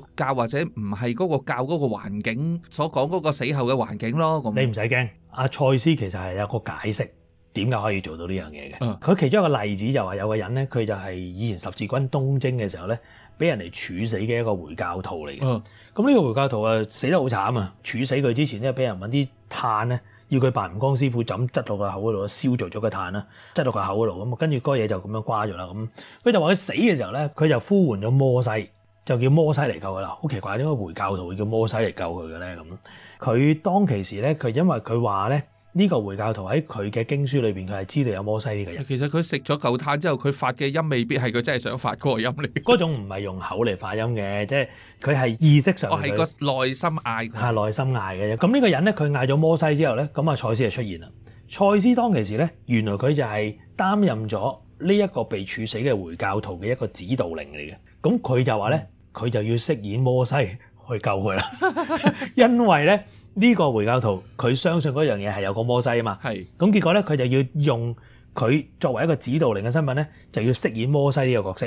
Speaker 2: 個教或者唔係嗰個教嗰個環境所講嗰個死後嘅環境咯。咁你唔使驚，阿賽斯其實係有個解釋點解可以做到呢
Speaker 1: 樣嘢嘅。佢、嗯、其中一個例子就話有個人咧，佢就係以前十字軍東征嘅時候咧。俾人哋處死嘅一個回教徒嚟嘅，咁呢個回教徒啊死得好慘啊！處死佢之前咧，俾人揾啲炭咧，要佢扮吳光師傅，窒到個口嗰度，燒灼咗個炭啦，窒到個口嗰度，咁啊，跟住嗰嘢就咁樣刮咗啦，咁佢就話佢死嘅時候咧，佢就呼喚咗摩西，就叫摩西嚟救佢啦，好奇怪，點解回教徒會叫摩西嚟救佢嘅咧？咁佢
Speaker 2: 當其時咧，佢因為佢話咧。呢個回教徒喺佢嘅經書裏邊，佢係知道有摩西呢個人。其實佢食咗嚿炭之後，佢發嘅音未必係佢真係想發嗰個音嚟。嗰種唔係用口嚟發音嘅，即係佢係意識上。我係個內心嗌。係內心嗌嘅啫。
Speaker 1: 咁呢個人咧，佢嗌咗摩西之後咧，咁啊賽斯就出現啦。賽斯當其時咧，原來佢就係擔任咗呢一個被處死嘅回教徒嘅一個指導靈嚟嘅。咁佢就話咧，佢就要飾演摩西去救佢啦，因為咧。呢個回教徒佢相信嗰樣嘢係有個摩西啊嘛，咁結果咧，佢就要用佢作為一個指導靈嘅身份咧，就要飾演摩西呢個角色，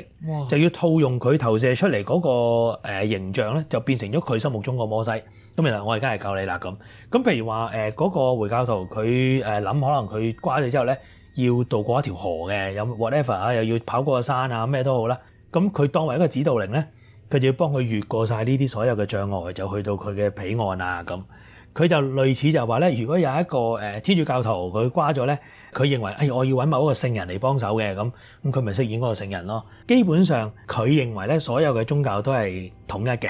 Speaker 1: 就要套用佢投射出嚟嗰個誒形象咧，就變成咗佢心目中個摩西。咁原來我而家係教你啦咁。咁譬如話誒嗰個回教徒佢誒諗可能佢瓜咗之後咧，要渡過一條河嘅，有 whatever 啊，又要跑過山啊，咩都好啦。咁佢當為一個指導靈咧，佢就要幫佢越過晒呢啲所有嘅障礙，就去到佢嘅彼岸啊咁。佢就類似就話咧，如果有一個誒天主教徒，佢瓜咗咧，佢認為，哎，我要揾某一個聖人嚟幫手嘅，咁咁佢咪飾演嗰個聖人咯。基本上佢認為咧，所有嘅宗教都係統一嘅，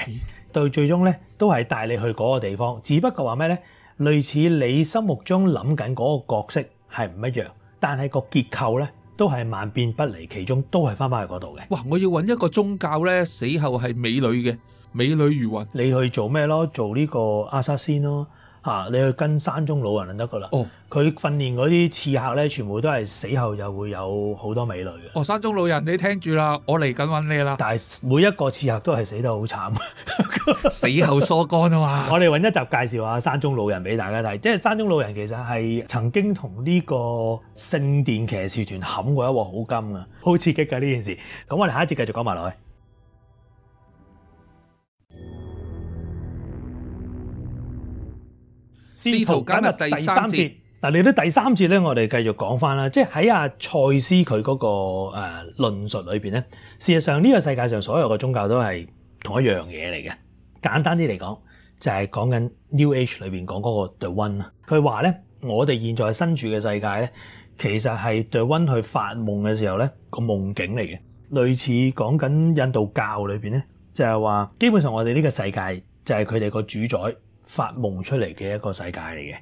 Speaker 1: 對，最終咧都係帶你去嗰個地方，只不過話咩咧？類似你心目中諗緊嗰個角色係唔一樣，但係個結構咧都係萬變不離其宗，都係翻返去嗰度嘅。哇！我要揾一個宗教咧，死後係美女嘅，美女如雲。你去做咩咯？做呢個阿薩仙咯。嚇、啊！你去跟山中老人就得噶啦。哦，佢訓練嗰啲刺客咧，全部都係死後又會有好多美女
Speaker 2: 嘅。哦，山中老人，你聽住啦，我嚟緊揾你啦。但係每一個刺客都係死得好慘， 死後梳乾啊嘛。我哋搵一集介紹下山
Speaker 1: 中老人俾大家睇，即係山中老人其實係曾經同呢個聖殿騎士團冚過一鑊好金啊，好刺激啊，呢件事。咁我哋下一節繼續講埋落去。
Speaker 2: 試圖解密第
Speaker 1: 三節嗱，你都第三節咧，我哋繼續講翻啦。即係喺阿塞斯佢嗰、那個誒論、呃、述裏面咧，事實上呢個世界上所有嘅宗教都係同一樣嘢嚟嘅。簡單啲嚟講，就係講緊 New Age 裏面講嗰個 The One。佢話咧，我哋現在身處嘅世界咧，其實係 The One 去發夢嘅時候咧個夢境嚟嘅，類似講緊印度教裏面咧，就係、是、話基本上我哋呢個世界就係佢哋個主宰。發夢出嚟嘅
Speaker 2: 一個世界嚟嘅，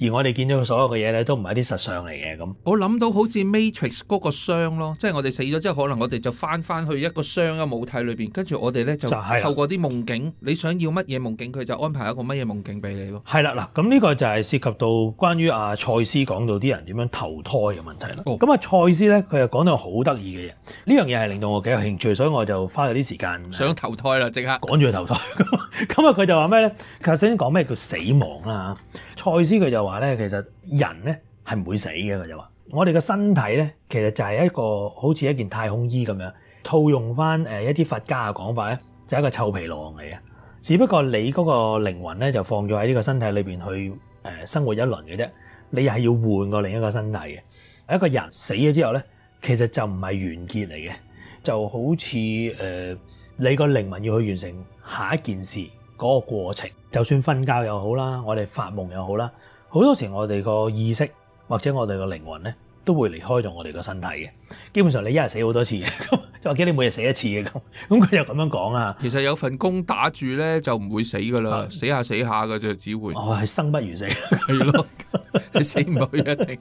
Speaker 2: 而我哋見到佢所有嘅嘢咧，都唔係一啲實相嚟嘅咁。我諗到好似 Matrix 嗰個箱咯，即係我哋死咗之後，可能我哋就翻翻去一個箱嘅母體裏邊，跟住我哋咧就透過啲夢境、就是，你想要乜嘢夢境，佢就安排一個乜嘢夢境俾你咯。係啦，嗱，
Speaker 1: 咁呢個就係涉及到關於阿賽斯講到啲人點樣投胎嘅問題啦。咁、哦、啊，賽斯咧佢又講到好得意嘅嘢，呢樣嘢係令到我幾有興趣，所以我就花咗啲時間想投胎啦，即刻趕住去投胎。咁 啊，佢就話咩咧？其實先講。咩叫死亡啦？賽斯佢就話咧，其實人咧係唔會死嘅。佢就話：我哋個身體咧，其實就係一個好似一件太空衣咁樣。套用翻誒一啲佛家嘅講法咧，就係一個臭皮囊嚟嘅。只不過你嗰個靈魂咧，就放咗喺呢個身體裏邊去誒生活一輪嘅啫。你係要換過另一個身體嘅。一個人死咗之後咧，其實就唔係完結嚟嘅，就好似誒、呃、你個靈魂要去完成下一件事嗰個過程。就算瞓覺又好啦，我哋發夢又好啦，好多時我哋個意識或者我哋個靈魂咧，都會離開咗我哋
Speaker 2: 個身體嘅。基本上你一日死好多次嘅，就話驚你每日死一次嘅咁，咁佢又咁樣講啊。其實有份工打住咧，就唔會死噶啦，死下死下噶就只會。哦，係生不如死，係 咯，你死唔去一定。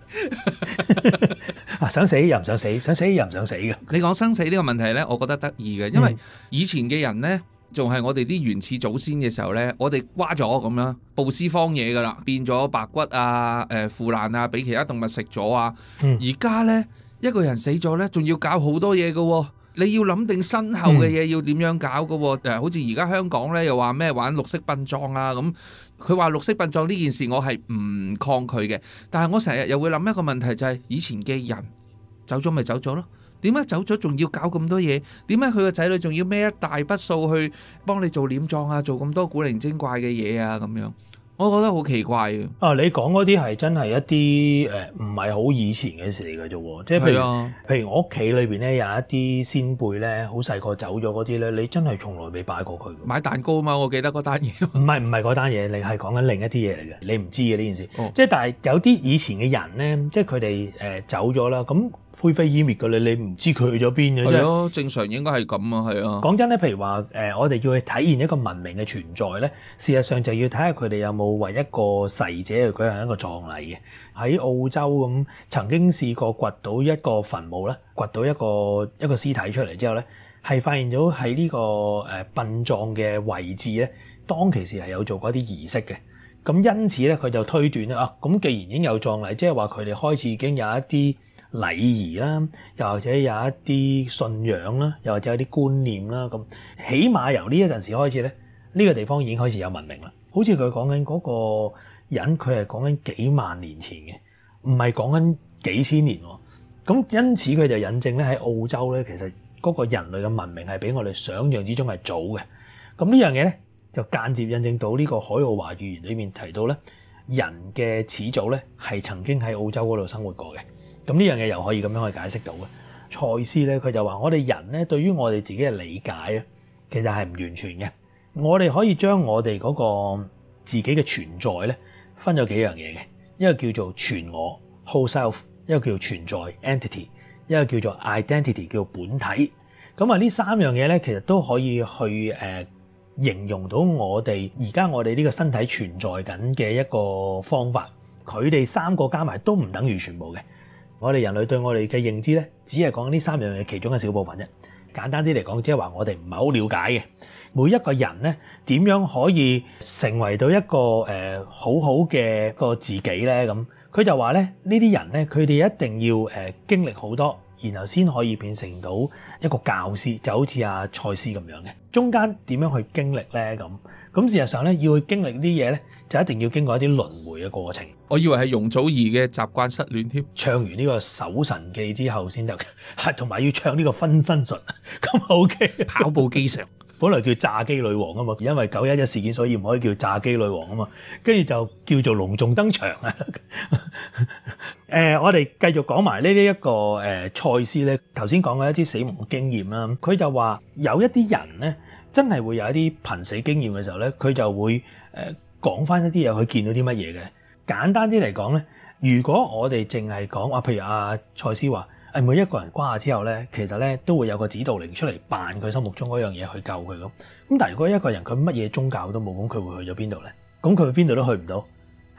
Speaker 2: 啊， 想死又唔想死，想死又唔想死嘅。你講生死呢個問題咧，我覺得得意嘅，因為以前嘅人咧。仲係我哋啲原始祖先嘅時候呢，我哋瓜咗咁樣，暴屍荒野噶啦，變咗白骨啊，誒、呃、腐爛啊，俾其他動物食咗啊。而家、嗯、呢，一個人死咗呢，仲要搞好多嘢嘅喎。你要諗定身後嘅嘢要點樣搞嘅喎、哦？嗯、好似而家香港呢，又話咩玩綠色殯葬啊咁。佢、嗯、話綠色殯葬呢件事我係唔抗拒嘅，但係我成日又會諗一個問題就係、是、以前嘅人走咗咪走咗咯。點解走咗仲要搞咁多嘢？點解佢個仔女仲要孭一大筆數去幫你做殮葬啊？做咁多古靈精怪嘅嘢啊咁樣，我覺得好奇
Speaker 1: 怪嘅。啊，你講嗰啲係真係一啲誒唔係好以前嘅事嚟嘅啫，即係譬如譬如我屋企裏邊咧有一啲先輩咧好細個走咗嗰啲咧，你真係從來未擺過佢。買蛋糕嘛，我記得嗰單嘢。唔係唔係嗰單嘢，你係講緊另一啲嘢嚟嘅，你唔知嘅呢件事。即係但係有啲以前嘅人咧，即係佢哋誒走咗啦，咁。
Speaker 2: 灰飛煙滅嘅你，你唔知佢去咗邊嘅啫。係咯，正常應該係咁啊，係啊。
Speaker 1: 講真咧，譬如話誒，我哋要去體現一個文明嘅存在咧，事實上就要睇下佢哋有冇為一個逝者去舉行一個葬禮嘅。喺澳洲咁曾經試過掘到一個墳墓咧，掘到一個一個屍體出嚟之後咧，係發現咗喺呢個誒殯葬嘅位置咧，當其時係有做過一啲儀式嘅。咁因此咧，佢就推斷啦啊，咁既然已經有葬禮，即係話佢哋開始已經有一啲。禮儀啦，又或者有一啲信仰啦，又或者有啲觀念啦，咁起碼由呢一陣時開始咧，呢個地方已經開始有文明啦。好似佢講緊嗰個人，佢係講緊幾萬年前嘅，唔係講緊幾千年。咁因此佢就引證咧，喺澳洲咧，其實嗰個人類嘅文明係比我哋想象之中係早嘅。咁呢樣嘢咧就間接印證到呢個海奧華語言裏面提到咧，人嘅始祖咧係曾經喺澳洲嗰度生活過嘅。咁呢樣嘢又可以咁樣去解釋到嘅，塞斯咧佢就話：我哋人咧對於我哋自己嘅理解咧，其實係唔完全嘅。我哋可以將我哋嗰個自己嘅存在咧分咗幾樣嘢嘅，一個叫做全我 （whole self），一個叫做存在 （entity），一個叫做 identity，叫做本體。咁啊，呢三樣嘢咧，其實都可以去誒形容到我哋而家我哋呢個身體存在緊嘅一個方法。佢哋三個加埋都唔等於全部嘅。我哋人類對我哋嘅認知咧，只係講呢三樣嘢其中嘅小部分啫。簡單啲嚟講，即係話我哋唔係好了解嘅。每一個人咧，點樣可以成為到一個誒好好嘅個自己咧？咁佢就話咧，呢啲人咧，佢哋一定要誒經歷好多。然後先可以變成到一個教師，就好似阿塞斯咁樣嘅。中間點樣去經歷呢？咁咁事實上呢要去經歷啲嘢呢，就一定要經過一啲輪迴嘅過程。我以為係容祖兒
Speaker 2: 嘅習慣失戀添。唱完呢個搜神記之
Speaker 1: 後先得，同埋要唱呢個分身術。咁 OK，跑步機上，本來叫炸機女王啊嘛，因為九一一事件，所以唔可以叫炸機女王啊嘛。跟住就叫做隆重登場啊。 誒、呃，我哋繼續講埋呢呢一個誒賽、呃、斯咧，頭先講過一啲死亡經驗啦、啊。佢就話有一啲人咧，真係會有一啲瀕死經驗嘅時候咧，佢就會誒講翻一啲嘢，佢見到啲乜嘢嘅。簡單啲嚟講咧，如果我哋淨係講啊，譬如阿、啊、賽斯話，每一個人瓜咗之後咧，其實咧都會有個指導靈出嚟扮佢心目中嗰樣嘢去救佢咁。咁但係如果一個人佢乜嘢宗教都冇，咁佢會去咗邊度咧？咁佢去邊度都去唔到。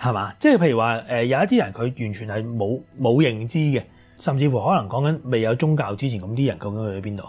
Speaker 1: 係嘛？即係譬如話，誒，有一啲人佢完全係冇冇認知嘅，甚至乎可能
Speaker 2: 講緊未有宗教之前，咁啲人究竟去咗邊度？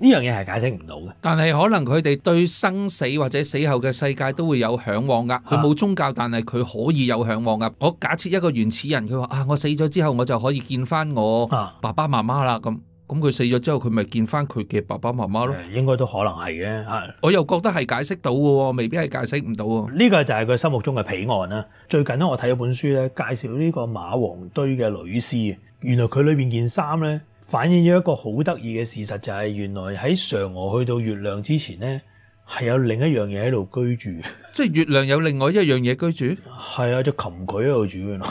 Speaker 2: 呢樣嘢係解釋唔到嘅。但係可能佢哋對生死或者死後嘅世界都會有向往㗎。佢冇宗教，但係佢可以有向往㗎。我假設一個原始人，佢話啊，我死咗之後，我就可以見返我爸爸媽媽啦咁。啊咁佢死咗之後，佢咪見翻佢嘅爸爸媽媽咯？應該都可能係嘅、啊。我又覺得係解釋到嘅喎，未必係解釋唔到喎。呢個就係佢心目中嘅彼岸啦。最
Speaker 1: 近咧，我睇咗本書咧，介紹呢個馬王堆嘅女屍。原來佢裏面件衫咧，反映咗一個好得意嘅事實，就係原來喺嫦娥去到月亮之前咧，係有另一樣嘢喺度居住。
Speaker 2: 即係月亮有另外一樣嘢居住？係 啊，
Speaker 1: 就琴佢喺度住啊。原來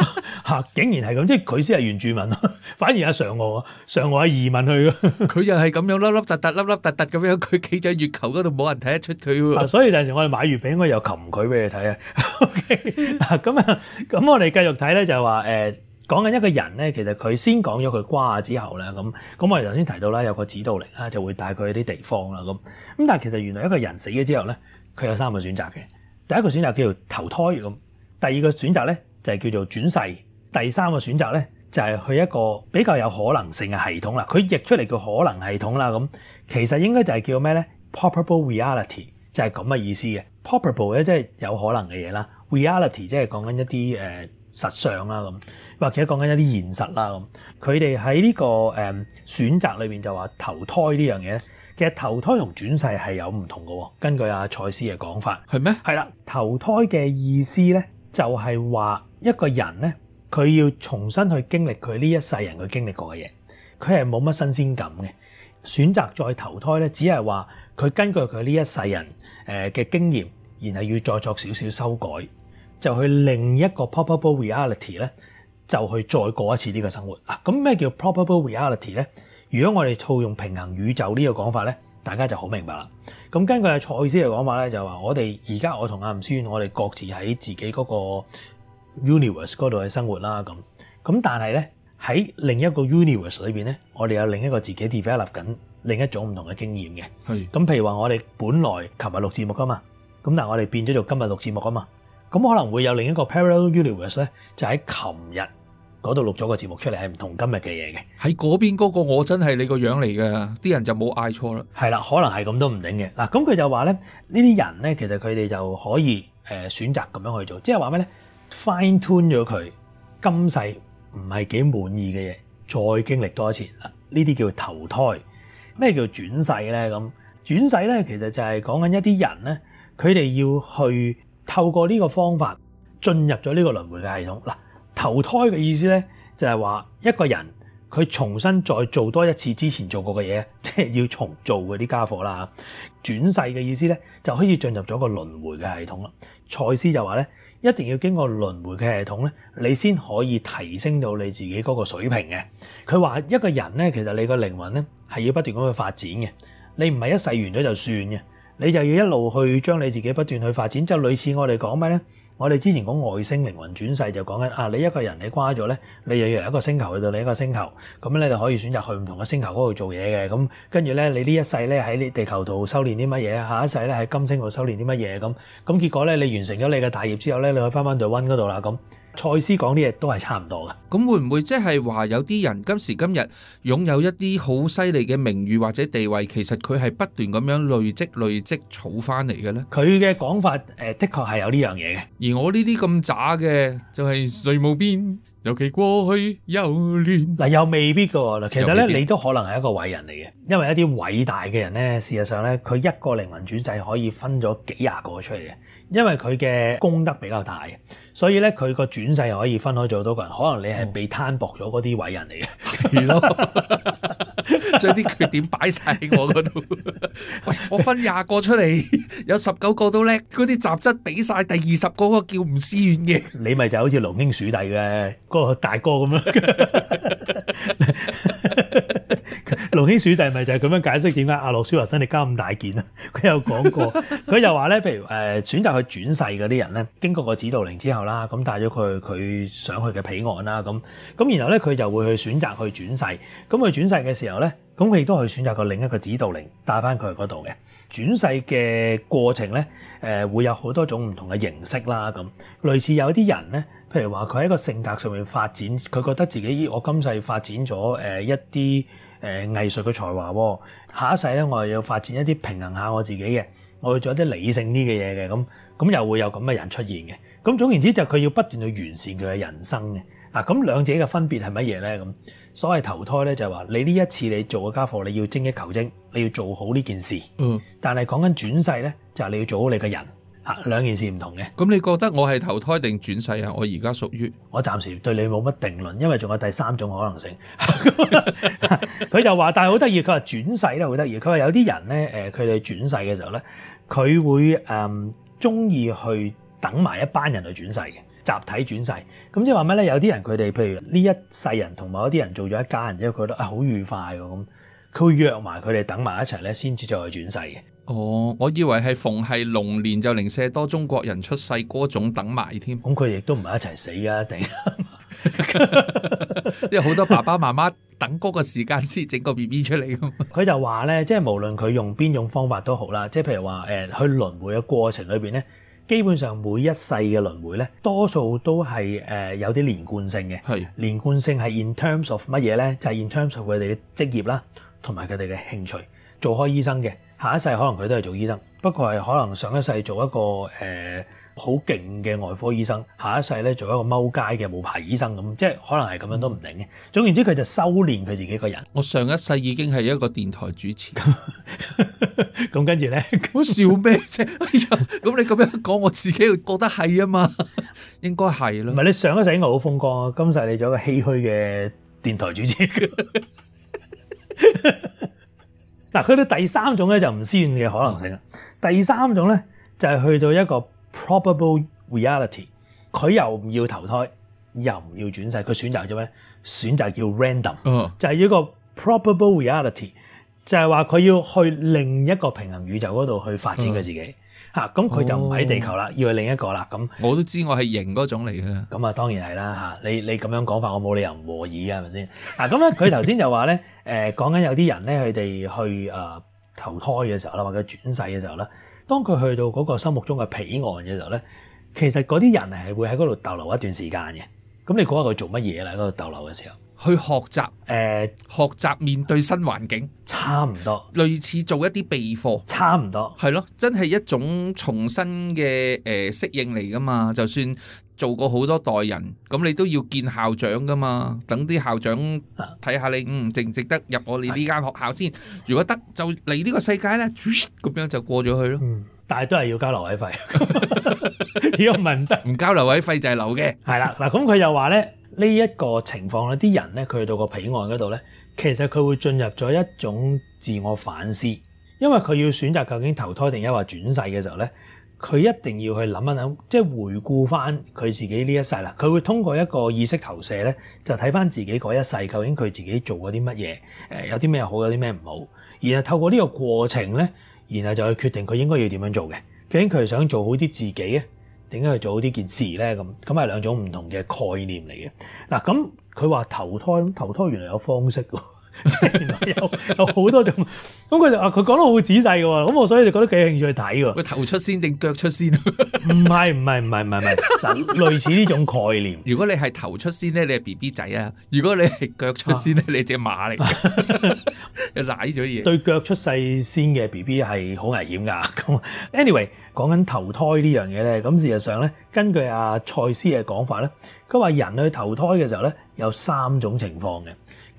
Speaker 1: 竟然係咁，即係佢先係原住民，反而阿嫦娥，嫦娥係移民去。佢又係咁樣粒粒突突粒粒突突咁樣，佢企咗月球嗰度冇人睇得出佢喎。所以第時我哋買月餅，okay, 應該又擒佢俾你睇啊。咁、欸、啊，咁我哋繼續睇咧，就係話誒，講緊一個人咧，其實佢先講咗佢瓜之後咧，咁咁我哋頭先提到啦，有個指導靈，啊，就會帶佢去啲地方啦，咁咁但係其實原來一個人死咗之後咧，佢有三個選擇嘅，第一個選擇叫做投胎咁，第二個選擇咧就係叫做轉世。第三個選擇咧，就係去一個比較有可能性嘅系統啦。佢譯出嚟叫可能系統啦，咁其實應該就係叫咩咧？Probable reality 就係咁嘅意思嘅。Probable 咧即係有可能嘅嘢啦，reality 即係講緊一啲誒實相啦，咁或者講緊一啲現實啦，咁佢哋喺呢個誒選擇裏面就話投胎呢樣嘢咧。其實投胎同轉世係有唔同嘅，根據阿塞斯嘅講法係咩？係啦，投胎嘅意思咧就係話一個人咧。佢要重新去經歷佢呢一世人佢經歷過嘅嘢，佢係冇乜新鮮感嘅。選擇再投胎咧，只係話佢根據佢呢一世人嘅經驗，然後要再作少少修改，就去另一個 probable reality 咧，就去再過一次呢個生活嗱。咁咩叫 probable reality 咧？如果我哋套用平衡宇宙呢個講法咧，大家就好明白啦。咁根據塞斯嘅講法咧，就話我哋而家我同阿吳思遠，我哋各自喺自己嗰個。Universe 嗰度嘅生活啦，咁咁但係咧，喺另一個 Universe 裏邊咧，我哋有另一個自己 develop 緊另一種唔同嘅經驗嘅。係咁，譬如話我哋本來琴日錄節目噶嘛，咁但係我哋變咗做今日錄節目噶嘛，咁可能會有另一個 parallel universe 咧，就喺琴日嗰度錄咗個節目出嚟，係唔同今日嘅嘢嘅。喺嗰邊嗰個我真係你個樣嚟㗎。啲人就冇嗌錯啦。係啦，可能係咁都唔定嘅。嗱，咁佢就話咧，呢啲人咧，其實佢哋就可以誒選擇咁樣去做，即係話咩咧？fine tune 咗佢，今世唔係幾滿意嘅嘢，再經歷多一次啦。呢啲叫投胎。咩叫轉世咧？咁轉世咧，其實就係講緊一啲人咧，佢哋要去透過呢個方法進入咗呢個輪回嘅系統，嗱，投胎嘅意思咧，就係話一個人。佢重新再做多一次之前做過嘅嘢，即係要重做嗰啲傢伙啦。轉世嘅意思咧，就開始進入咗個輪迴嘅系統啦。賽斯就話咧，一定要經過輪迴嘅系統咧，你先可以提升到你自己嗰個水平嘅。佢話一個人咧，其實你個靈魂咧係要不斷咁去發展嘅。你唔係一世完咗就算嘅，你就要一路去將你自己不斷去發展。就類似我哋講咩咧？我哋之前講外星靈魂轉世就講緊啊，你一個人你瓜咗咧，你又由一個星球去到另一個星球，咁咧就可以選擇去唔同嘅星球嗰度做嘢嘅。咁跟住咧，你呢一世咧喺地球度修煉啲乜嘢，下一世咧喺金星度修煉啲乜嘢咁。咁結果咧，你完成咗你嘅大業之後咧，你可以
Speaker 2: 翻翻到 One 嗰度啦。咁塞斯講啲嘢都係差唔多嘅。咁會唔會即係話有啲人今時今日擁有一啲好犀利嘅名譽或者地位，其實佢係不斷咁樣累積累積儲翻嚟嘅咧？佢嘅講法誒，的確係有呢樣嘢嘅。而我呢啲咁渣嘅就係、是、誰無邊，尤其過去幼年嗱又
Speaker 1: 未必嘅喎，其實咧你都可能係一個偉人嚟嘅，因為一啲偉大嘅人咧，事實上咧佢一個靈魂轉世可以分咗幾廿個出嚟嘅。因為佢嘅功德比較大，所以咧佢個轉世可以分開做到個人。可能你係被攤薄咗嗰啲偉人嚟嘅、嗯
Speaker 2: 將啲缺點擺晒喺我嗰度。喂，我分廿個出嚟，有十九個都叻，嗰啲雜質俾晒，第二十個個叫吳思遠嘅。你咪就好似龍兄鼠弟嘅嗰個大哥咁樣。
Speaker 1: 龍兄鼠弟咪就係咁樣解釋點解阿諾舒華生你交咁大件啦？佢有講過，佢又話咧，譬如誒選擇去轉世嗰啲人咧，經過個指導靈之後啦，咁帶咗佢，佢上去嘅彼岸啦，咁咁然後咧佢就會去選擇去轉世，咁佢轉世嘅時候咧，咁佢亦都去選擇個另一個指導靈，帶翻佢去嗰度嘅轉世嘅過程咧，誒會有好多種唔同嘅形式啦，咁類似有啲人咧，譬如話佢喺一個性格上面發展，佢覺得自己我今世發展咗誒一啲。誒藝術嘅才華喎，下一世咧我又要發展一啲平衡下我自己嘅，我要做一啲理性啲嘅嘢嘅，咁咁又會有咁嘅人出現嘅，咁總言之就係佢要不斷去完善佢嘅人生嘅，嗱咁兩者嘅分別係乜嘢咧？咁所謂投胎咧就係話你呢一次你做嗰家貨你要精益求精，你要做好呢件事，嗯，但係講緊轉世咧就係你要做好你嘅人。啊、兩件事唔同嘅，咁你覺得我係投胎定轉世啊？我而家屬於我暫時對你冇乜定論，因為仲有第三種可能性。佢 就話，但係好得意，佢話轉世咧好得意。佢話有啲人咧，誒，佢哋轉世嘅時候咧，佢會誒中意去等埋一班人去轉世嘅，集體轉世。咁即係話咩咧？有啲人佢哋，譬如呢一世人同某一啲人做咗一
Speaker 2: 家人，之後覺得啊好愉快喎，咁佢會約埋佢哋等埋一齊咧，先至再去轉世嘅。哦，我以為係逢係龍年就零舍多中國人出世嗰種等埋添。咁佢亦都唔係一齊死噶，定？即係好多爸爸媽媽
Speaker 1: 等嗰個時間先整個 B B 出嚟咁。佢就話咧，即係無論佢用邊種方法都好啦，即係譬如話誒去輪迴嘅過程裏面咧，基本上每一世嘅輪迴咧，多數都係、呃、有啲連貫性嘅。係連貫性係 in terms of 乜嘢咧？就係、是、in terms of 佢哋嘅職業啦，同埋佢哋嘅興趣，做開醫生嘅。下一世可能佢都係做醫生，不過係可能上一世做一個誒好勁嘅外科醫生，下一世咧做一個踎街嘅冇牌醫生咁，即係可能係咁樣都唔定嘅。總言之，佢就修
Speaker 2: 煉佢自己個人。我上一世已經係一個電台主持，咁 跟住咧，好笑咩啫？咁、哎、你咁樣講，我自己覺得係啊嘛，
Speaker 1: 應該係咯。唔係，你上一世應該好風光，今世你做一個唏噓嘅電台主持。 嗱，佢啲第三種咧就唔先嘅可能性。第三種咧就係去到一個 probable reality，佢又唔要投胎，又唔要轉世，佢選擇咗咩？選擇叫 random，uh-huh. 就係一個 probable reality，就係話佢要去另一個平衡宇宙嗰度去發展佢自己。吓，咁佢就唔喺地球啦，哦，要係另一個啦。咁我都知我係型嗰種嚟嘅。咁啊，當然係啦。吓，你你咁樣講法，我冇理由唔和議㗎。係咪先？咁 咧，佢頭先就話咧，誒，講緊有啲人咧，佢哋去誒投胎嘅時候啦，或者轉世嘅時候咧，當佢去到嗰個心目中嘅彼岸嘅時候咧，其實嗰啲人係會喺嗰度逗留一段時間嘅。咁你講下佢做乜嘢啦？喺嗰度逗留嘅時候？去學習，誒、
Speaker 2: 呃，學習面對新環境，差唔多，類似做一啲備課，差唔多，係咯，真係一種重新嘅誒、呃、適應嚟噶嘛。就算做過好多代人，咁你都要見校長噶嘛，等啲校長睇下你、啊，嗯，值唔值得入我哋呢間學校先。如果得，就嚟呢個世界咧，咁樣就過咗去咯、嗯。但係都係要交留位費，如果唔係唔交留
Speaker 1: 位費就係留嘅。係啦，嗱，咁佢又話咧。呢一個情況咧，啲人咧佢去到個彼岸嗰度咧，其實佢會進入咗一種自我反思，因為佢要選擇究竟投胎定抑或轉世嘅時候咧，佢一定要去諗一諗，即係回顧翻佢自己呢一世啦。佢會通過一個意識投射咧，就睇翻自己嗰一世究竟佢自己做過啲乜嘢，誒，有啲咩好，有啲咩唔好。然後透過呢個過程咧，然後就去決定佢應該要點樣做嘅。究竟佢係想做好啲自己啊？點解去做好呢件事咧？咁咁係兩種唔同嘅概念嚟嘅。嗱，咁佢話投胎，投胎原來有方式。即 係原來有有好多種，咁佢就話佢講得好仔細嘅，咁我所
Speaker 2: 以就覺得幾興趣去睇嘅。佢頭出先定腳出先？唔係唔係唔係唔係唔係， 類似呢種概念。如果你係頭出先咧，你係 B B 仔啊；如果你係腳出先咧， 你隻馬嚟嘅，又瀨咗嘢。對腳出世先嘅 B B 係好
Speaker 1: 危險噶。咁，anyway，講緊投胎呢樣嘢咧，咁事實上咧，根據阿塞斯嘅講法咧，佢話人去投胎嘅時候咧，有三種情況嘅。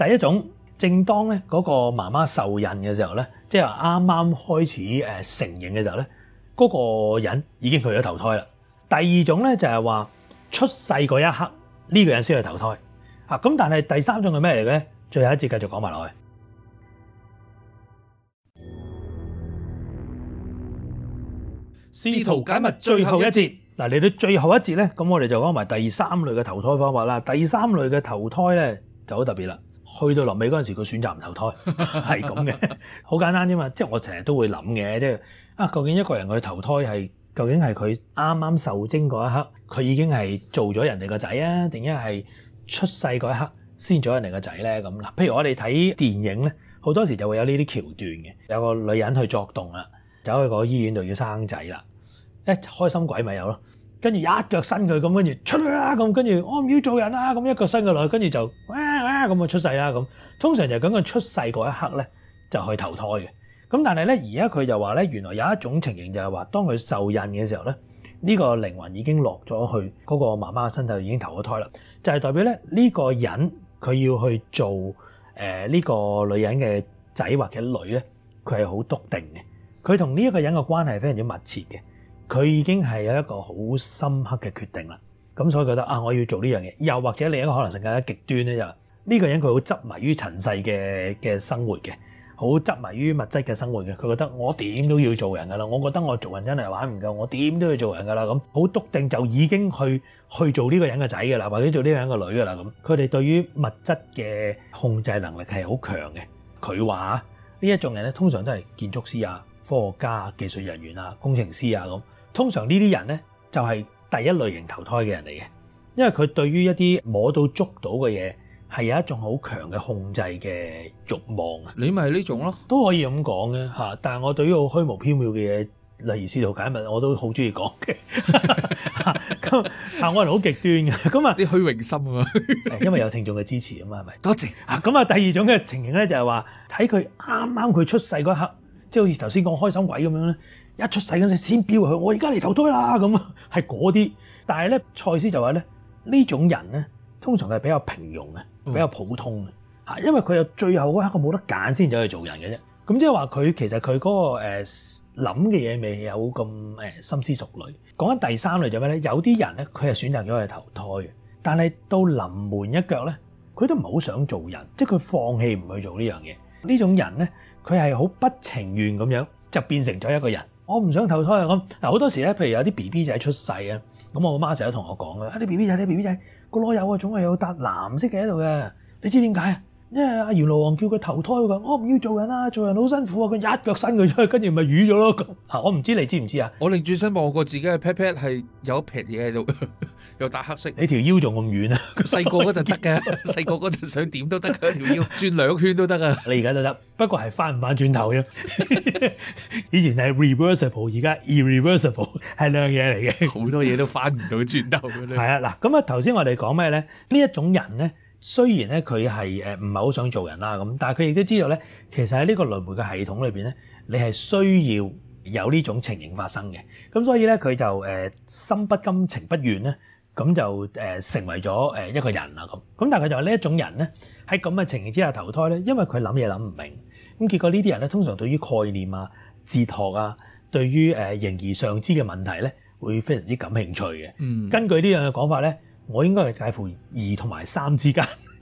Speaker 1: 第一種。正當咧，嗰個媽媽受孕嘅時候咧，即係話啱啱開始誒成型嘅時候咧，嗰、嗰個人已經去咗投胎啦。第二種咧就係話出世嗰一刻呢、呢個人先去投胎。咁但係第三種係咩嚟嘅咧？最後一節繼續講埋落去，
Speaker 2: 試圖解密。最後一節
Speaker 1: 嗱，嚟到最後一節咧，咁我哋就講埋第三類嘅投胎方法啦。第三類嘅投胎咧就好特別啦。去到落尾嗰陣時，佢選擇唔投胎，係咁嘅，好 簡單啫嘛。即係我成日都會諗嘅，即係啊，究竟一個人去投胎係究竟係佢啱啱受精嗰一刻，佢已經係做咗人哋個仔啊，定一係出世嗰一刻先做人哋個仔咧？咁嗱，譬如我哋睇電影咧，好多時就會有呢啲橋段嘅，有個女人去作動啦，走去個醫院度要生仔啦，誒、哎，開心鬼咪有咯，跟住一腳伸佢咁，跟住出去啦，咁跟住我唔要做人啦，咁一腳伸佢落去，跟住就。咁啊出世啦咁，通常就係講佢出世嗰一刻咧就去投胎嘅。咁但係咧，而家佢就話咧，原來有一種情形就係話，當佢受孕嘅時候咧，呢個靈魂已經落咗去嗰個媽媽嘅身體，已經投咗胎啦。就係代表咧，呢個人佢要去做誒呢個女人嘅仔或者女咧，佢係好篤定嘅。佢同呢一個人嘅關係非常之密切嘅。佢已經係有一個好深刻嘅決定啦。咁所以覺得啊，我要做呢樣嘢。又或者另一個可能性更加極端咧就。呢個人佢好執迷於塵世嘅嘅生活嘅，好執迷於物質嘅生活嘅。佢覺得我點都要做人噶啦。我覺得我做人真係玩唔夠，我點都要做人噶啦。咁好篤定就已經去去做呢個人嘅仔噶啦，或者做呢個人嘅女噶啦。咁佢哋對於物質嘅控制能力係好強嘅。佢話啊，呢一種人咧，通常都係建築師啊、科學家、技術人員啊、工程師啊咁。通常呢啲人咧就係第一類型投胎嘅人嚟嘅，因為佢對於一啲摸到捉到嘅嘢。係有一種好強嘅控制嘅慾望啊！你咪係呢種咯，都可以咁講嘅嚇。但係我對於好虛無縹緲嘅嘢，例如試圖解密，我都好中意講嘅。咁啊，我係好極端嘅。咁、嗯、啊，啲虛榮心啊嘛，因為有聽眾嘅支持啊嘛，係、嗯、咪？多謝。咁啊，第二種嘅情形咧，就係話睇佢啱啱佢出世嗰刻，即係好似頭先講開心鬼咁樣咧，一出世嗰陣先飆佢，我而家嚟投胎啦咁啊，係嗰啲。但係咧，塞斯就話咧，呢種人咧。通常係比較平庸嘅，比較普通嘅、嗯、因為佢有最後嗰一刻佢冇得揀先走去做人嘅啫。咁即係話佢其實佢嗰個誒諗嘅嘢未有咁誒深思熟慮。講緊第三類就咩咧？有啲人咧佢係選擇咗去投胎嘅，但係到臨門一腳咧，佢都唔係好想做人，即係佢放棄唔去做呢樣嘢。呢種人咧，佢係好不情願咁樣就變成咗一個人。我唔想投胎咁嗱，好多時咧，譬如有啲 B B 仔出世啊，咁我媽成日都同我講啦，啊啲 B B 仔，啲 B B 仔。個籮柚啊，總係有笪藍色嘅喺度嘅，你知點解？因為阿閻羅王叫佢投胎。㗎，我唔要做人啦，做人好辛苦啊，佢一腳伸佢
Speaker 2: 出去，跟住咪瘀咗咯。吓，我唔知你知唔知啊？我擰轉身望過自己嘅 pat pat 係有一撇嘢喺度。 又打黑色，你條腰仲咁軟啊？細、細個嗰陣得嘅，細個嗰陣想點都得嘅，條腰
Speaker 1: 轉兩圈都得啊！你而家都得，不過係翻唔翻轉頭啫。 以前係 reversible，而家 irreversible 係兩嘢嚟嘅。好多嘢都翻唔
Speaker 2: 到轉頭嘅。係啊，嗱
Speaker 1: 咁啊，頭先我哋講咩咧？呢一種人咧，雖然咧佢係唔係好想做人啦咁，但佢亦都知道咧，其實喺呢個輪迴嘅系統裏面咧，你係需要有呢種情形發生嘅。咁所以咧，佢、呃、就心不甘情不願咧。咁就誒成為咗誒一個人啦咁，咁但係佢就係呢一種人咧，喺咁嘅情形之下投胎咧，因為佢諗嘢諗唔明，咁結果呢啲人咧通常對於概念啊、哲學啊，對於誒形而上之嘅問題咧，會非常之感興趣嘅。嗯。根據呢樣嘅講法咧，我應該係介乎二同埋三之間。
Speaker 2: 點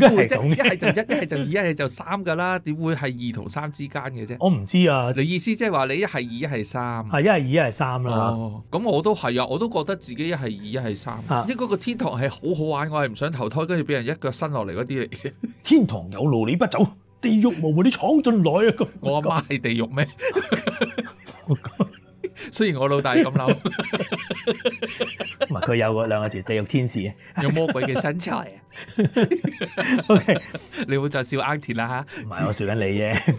Speaker 2: 是 會即一係就一，一係就二，一係就，就三噶啦？點會係二同三之間嘅啫？我唔知啊！你意思即係話你一係二一是是，一係三、哦，係一係二，一係三啦。咁我都係啊！我都覺得自己一係二一是，一係三。應該個天堂係好好玩，我係唔想投胎，跟住俾人一腳伸落嚟嗰啲嚟。天堂有路你不走，地獄無門你闖進來啊！咁我阿媽係地獄咩？ 雖然我老大咁諗，
Speaker 1: 唔係佢有嗰兩個字地獄天使嘅，有魔鬼嘅身
Speaker 2: 材啊。O K， 你會再笑 Aunt 啦吓？唔 係
Speaker 1: 我笑緊你啫。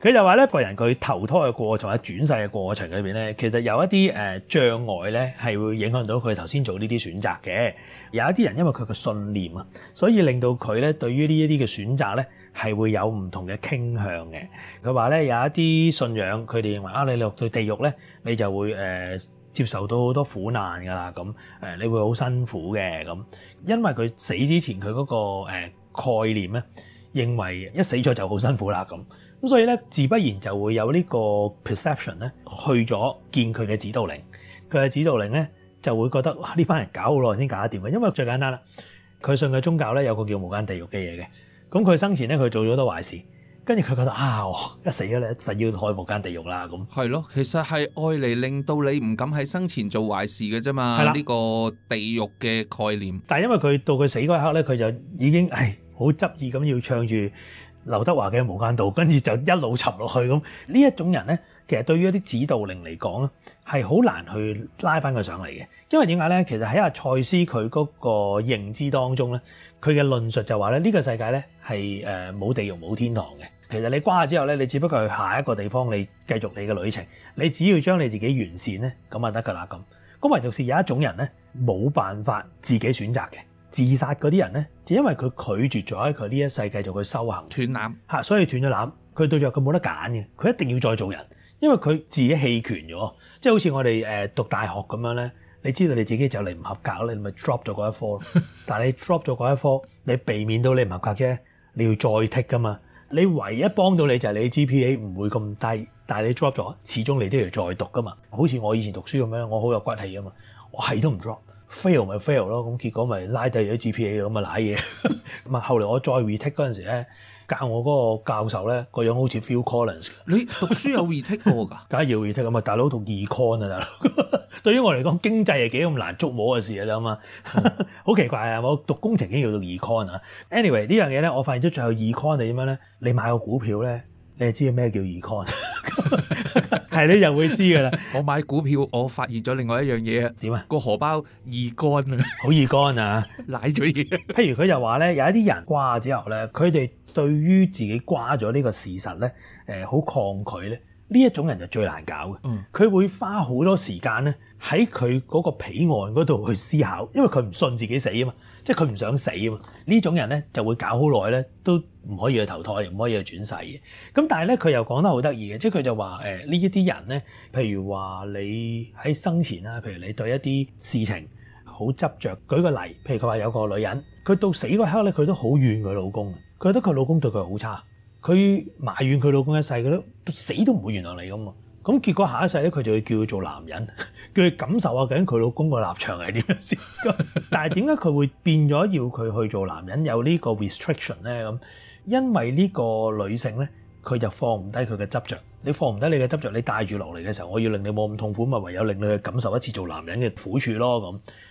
Speaker 1: 佢就話咧，個人佢投胎嘅過程啊，轉世嘅過程裏邊咧，其實有一啲誒障礙咧，係會影響到佢頭先做呢啲選擇嘅。有一啲人因為佢嘅信念啊，所以令到佢咧對於呢一啲嘅選擇咧。係會有唔同嘅傾向嘅。佢話咧有一啲信仰，佢哋認為啊，你落到地獄咧，你就會誒接受到好多苦難㗎啦。咁誒，你會好辛苦嘅咁。因為佢死之前，佢嗰個誒概念咧，認為一死咗就好辛苦啦。咁咁所以咧，自不然就會有呢個 perception 咧，去咗見佢嘅指導靈。佢嘅指導靈咧就會覺得呢班人搞好耐先搞得掂嘅。因為最簡單啦，佢信嘅宗教咧有個叫無間地獄嘅嘢嘅。咁佢生前咧，佢做咗好多壞事，跟住佢覺得啊、哦，一死
Speaker 2: 咗咧，實要開無間地獄啦。咁係咯，其實係愛嚟令到你唔敢喺生前做壞事嘅啫嘛。係啦，呢、呢個地獄嘅概念。但係因為佢到佢死嗰一刻咧，佢就
Speaker 1: 已經唉好執意咁要唱住劉德華嘅無間道，跟住就一路沉落去咁。呢一種人咧。其實對於一啲指導令嚟講咧，係好難去拉返佢上嚟嘅，因為點解咧？其實喺阿賽斯佢嗰個認知當中咧，佢嘅論述就話咧，呢個世界咧係誒冇地獄冇天堂嘅。其實你瓜咗之後咧，你只不過去下一個地方，你繼續你嘅旅程，你只要將你自己完善咧，咁啊得㗎啦咁。咁唯獨是有一種人咧，冇辦法自己選擇嘅，自殺嗰啲人咧，就因為佢拒絕咗喺佢呢一世繼續去修行，斷纜嚇，所以斷咗纜，佢對住佢冇得揀嘅，佢一定要再做人。因為佢自己棄權咗，即係好似我哋誒讀大學咁樣咧，你知道你自己就嚟唔合格你咪 drop 咗嗰一科。但你 drop 咗嗰一科，你避免到你唔合格啫。你要再 take 噶嘛？你唯一幫到你就係你 GPA 唔會咁低，但你 drop 咗，始終你都要再讀噶嘛。好似我以前讀書咁樣，我好有骨氣噶嘛，我係都唔 drop，fail 咪 fail 咯。咁結果咪拉低咗 GPA 咁啊，賴嘢咁啊。後嚟我再 retake 嗰陣時咧。教我嗰個教授咧，個樣好似 Phil Collins。你讀書有 retake 過㗎？梗係要 retake 咁啊！大佬讀 econ 啊，大佬。對於我嚟講，經濟係幾咁難捉摸嘅事啊嘛，好、嗯、 奇怪啊！我讀工程已經要讀 econ 啊。Anyway，呢樣嘢咧，我發現咗最後 econ 你點樣咧？你買個股票咧？你知咩叫易、
Speaker 2: e、乾？ 係你就會知噶啦。我買股票，我發現咗另外一樣嘢，點啊？個荷包易乾啊，好易乾啊。瀨咗嘢。譬如佢就話咧，
Speaker 1: 有一啲人掛之後咧，佢哋對於自己掛咗呢個事實咧，誒，好抗拒咧。呢一種人就最難搞嘅。嗯。佢會花好多時間咧，喺佢嗰個彼岸嗰度去思考，因為佢唔信自己死啊嘛。即係佢唔想死啊！呢種人咧就會搞好耐咧都唔可以去投胎，唔可以去轉世嘅。咁但係咧佢又講得好得意嘅，即係佢就話、呃、呢一啲人咧，譬如話你喺生前啦，譬如你對一啲事情好執着。舉個例，譬如佢話有個女人，佢到死嗰刻咧，佢都好怨佢老公，佢覺得佢老公對佢好差，佢埋怨佢老公一世，佢都死都唔會原諒你咁嘛。咁結果下一世咧，佢就會叫佢做男人，叫佢感受下究竟佢老公個立場係點樣先。 但係點解佢會變咗要佢去做男人有個呢個 restriction 咧？咁因為呢個女性咧，佢就放唔低佢嘅執着。你放唔低你嘅執着，你帶住落嚟嘅時候，我要令你冇咁痛苦，咪唯有令你去感受一次做男
Speaker 2: 人嘅苦處咯。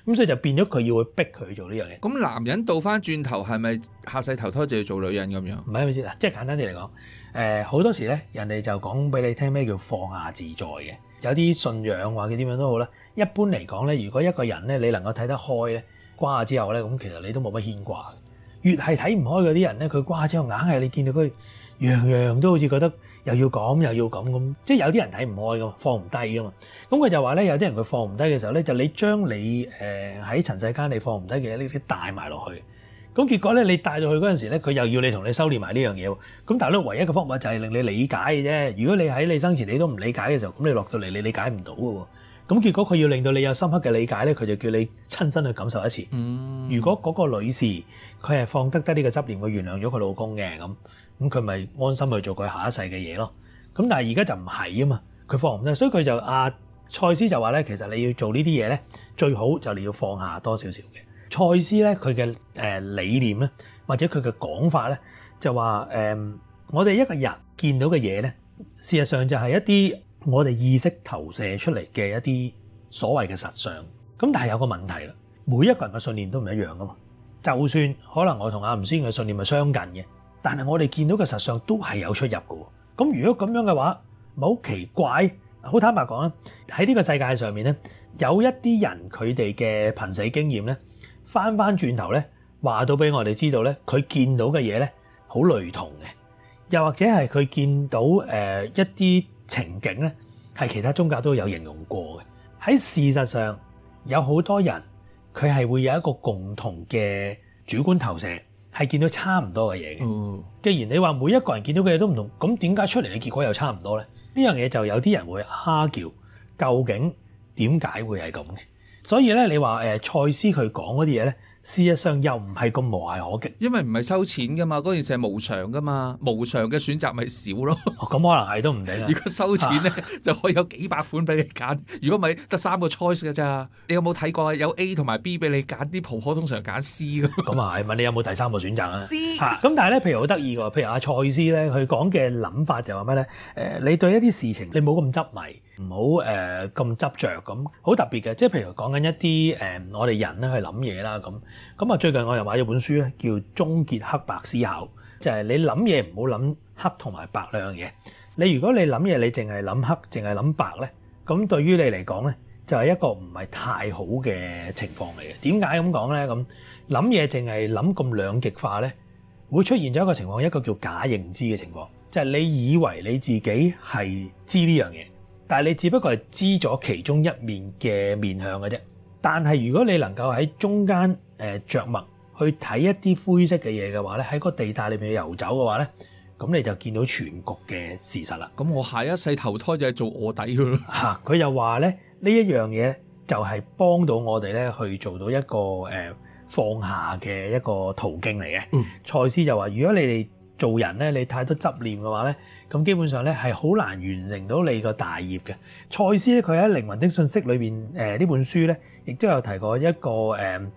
Speaker 2: 咁咁所以就變咗佢要逼去逼佢做呢樣嘢。咁男人倒翻轉頭係咪下世投胎就要做女人咁樣？唔係，係咪先？嗱，即係簡單啲嚟講。誒好多時咧，人哋
Speaker 1: 就講俾你聽咩叫放下自在嘅，有啲信仰話嘅點樣都好啦。一般嚟講咧，如果一個人咧你能夠睇得開咧，瓜之後咧，咁其實你都冇乜牽掛。越係睇唔開嗰啲人咧，佢瓜之後硬係你見到佢樣樣都好似覺得又要講又要咁咁，即係有啲人睇唔開噶，放唔低噶嘛。咁佢就話咧，有啲人佢放唔低嘅時候咧，就你將你誒喺塵世間你放唔低嘅呢啲帶埋落去。咁結果咧，你帶到去嗰陣時咧，佢又要你同你修煉埋呢樣嘢。咁但係咧，唯一嘅方法就係令你理解嘅啫。如果你喺你生前你都唔理解嘅時候，咁你落到嚟你理解唔到嘅喎。咁結果佢要令到你有深刻嘅理解咧，佢就叫你親身去感受一次。嗯、如果嗰個女士佢係放得低呢個執念，佢原諒咗佢老公嘅咁，咁佢咪安心去做佢下一世嘅嘢咯。咁但係而家就唔係啊嘛，佢放唔得，所以佢就阿塞斯就話咧，其實你要做呢啲嘢咧，最好就你要放下多少少嘅。塞斯咧，佢嘅理念咧，或者佢嘅講法咧，就話誒，我哋一個人見到嘅嘢咧，事實上就係一啲我哋意識投射出嚟嘅一啲所謂嘅實相。咁但係有個問題啦，每一個人嘅信念都唔一樣噶嘛。就算可能我同阿吳先生嘅信念係相近嘅，但係我哋見到嘅實相都係有出入嘅。咁如果咁樣嘅話，咪好奇怪？好坦白講啊，喺呢個世界上面咧，有一啲人佢哋嘅瀕死經驗咧。翻翻轉頭咧，話到俾我哋知道咧，佢見到嘅嘢咧，好類同嘅，又或者係佢見到誒一啲情景咧，係其他宗教都有形容過嘅。喺事實上，有好多人佢係會有一個共同嘅主觀投射，係見到差唔多嘅嘢嘅。既然你話每一個人見到嘅嘢都唔同，咁點解出嚟嘅結果又差唔多咧？呢樣嘢就有啲人會蝦叫，究竟點解會係咁嘅？
Speaker 2: 所以咧，你話誒賽斯佢講嗰啲嘢咧，事實上又唔係咁無懈可擊。因為唔係收錢噶嘛，嗰件事係無償噶嘛，無償嘅選擇咪少咯。咁、 哦、可能係都唔定。如果收錢咧， 就可以有幾百款俾你揀。如果唔係得三個 choice 嘅咋？你有冇睇過有 A 同埋 B 俾你揀？啲婆婆通常揀 C 㗎。咁啊係問你有冇第三個選擇啊？C、 嗯。
Speaker 1: 咁但係咧，譬如好得意喎，譬如阿賽斯咧，佢講嘅諗法就係咩咧？誒，你對一啲事情你冇咁執迷。唔好誒咁執着，咁，好特別嘅，即係譬如講緊一啲誒我哋人咧去諗嘢啦咁。咁啊最近我又買咗本書咧，叫《終結黑白思考》，就係你諗嘢唔好諗黑同埋白兩樣嘢。你如果你諗嘢，你淨係諗黑，淨係諗白咧，咁對於你嚟講咧，就係一個唔係太好嘅情況嚟嘅。點解咁講咧？咁諗嘢淨係諗咁兩極化咧，會出現咗一個情況，一個叫假認知嘅情況，就係你以為你自己係知呢樣嘢。但係你只不過係知咗其中一面嘅面向嘅啫。但係如果你能夠喺中間誒着墨去睇一啲灰色嘅嘢嘅話咧，喺個地帶裏面游走嘅話咧，咁你就見到全局嘅事實啦。咁我下一世投胎就係做臥底㗎啦。嚇！佢又話咧，呢一樣嘢就係幫到我哋咧去做到一個誒放下嘅一個途徑嚟嘅。嗯，賽斯就話：如果你哋做人咧，你太多執念嘅話咧，咁基本上咧係好難完成到你個大業嘅。賽斯咧，佢喺《靈魂的信息》裏面誒呢本書咧，亦都有提過一個誒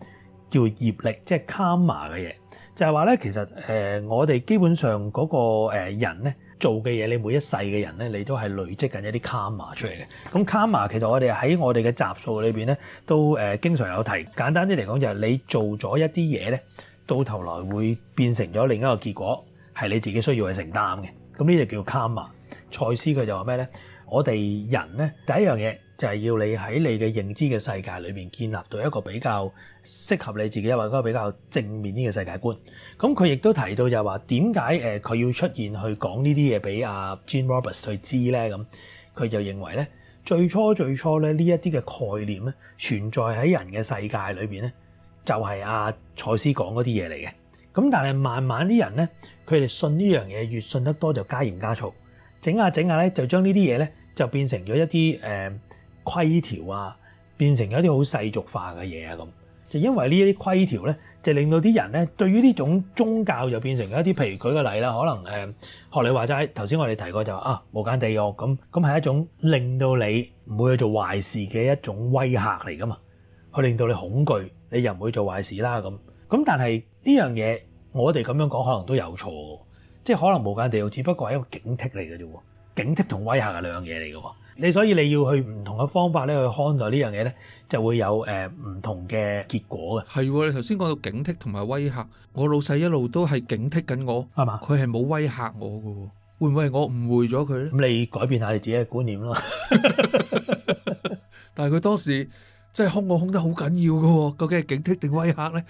Speaker 1: 叫業力，即係 karma 嘅嘢，就係話咧，其實誒我哋基本上嗰個誒人咧做嘅嘢，你每一世嘅人咧，你都係累積緊一啲 karma 出嚟嘅。咁 karma 其實我哋喺我哋嘅集數裏面咧，都誒經常有提。簡單啲嚟講，就係你做咗一啲嘢咧，到頭來會變成咗另一個結果。係你自己需要去承擔嘅，咁呢就叫卡嘛。賽斯佢就話咩咧？我哋人咧第一樣嘢就係要你喺你嘅認知嘅世界裏面建立到一個比較適合你自己或者一個比較正面啲嘅世界觀。咁佢亦都提到就話點解誒佢要出現去講呢啲嘢俾阿 Jane Roberts 去知咧？咁、嗯、佢就認為咧最初最初咧呢一啲嘅概念咧存在喺人嘅世界裏面，咧，就係阿賽斯講嗰啲嘢嚟嘅。咁但係慢慢啲人咧，佢哋信呢樣嘢越信得多就加鹽加醋，整下整下咧就將呢啲嘢咧就變成咗一啲誒規條啊，變成咗一啲好世俗化嘅嘢啊咁。就因為呢啲規條咧，就令到啲人咧對於呢種宗教就變成咗一啲譬如舉個例啦，可能呃、學你話齋頭先我哋提過就話啊無間地獄咁，咁係一種令到你唔會去做壞事嘅一種威嚇嚟噶嘛，去令到你恐懼，你又唔會做壞事啦咁。咁但係呢樣嘢。我哋咁樣講可能都有錯，即係可能無間地獄只不過係一個警惕嚟嘅啫，警惕同威嚇係兩樣嘢嚟嘅。你所以你要去唔同嘅方法咧去看待呢樣嘢咧，就
Speaker 2: 會有誒唔同嘅結果嘅。係，你頭先講到警惕同埋威嚇，我老細一路都係警惕緊我，係嘛？佢係冇威嚇我嘅，會唔會係我誤會咗佢咧？咁你改變下你自己嘅觀念咯。 但係佢當時。即係空個空得好緊要㗎喎，究竟係警惕定威嚇咧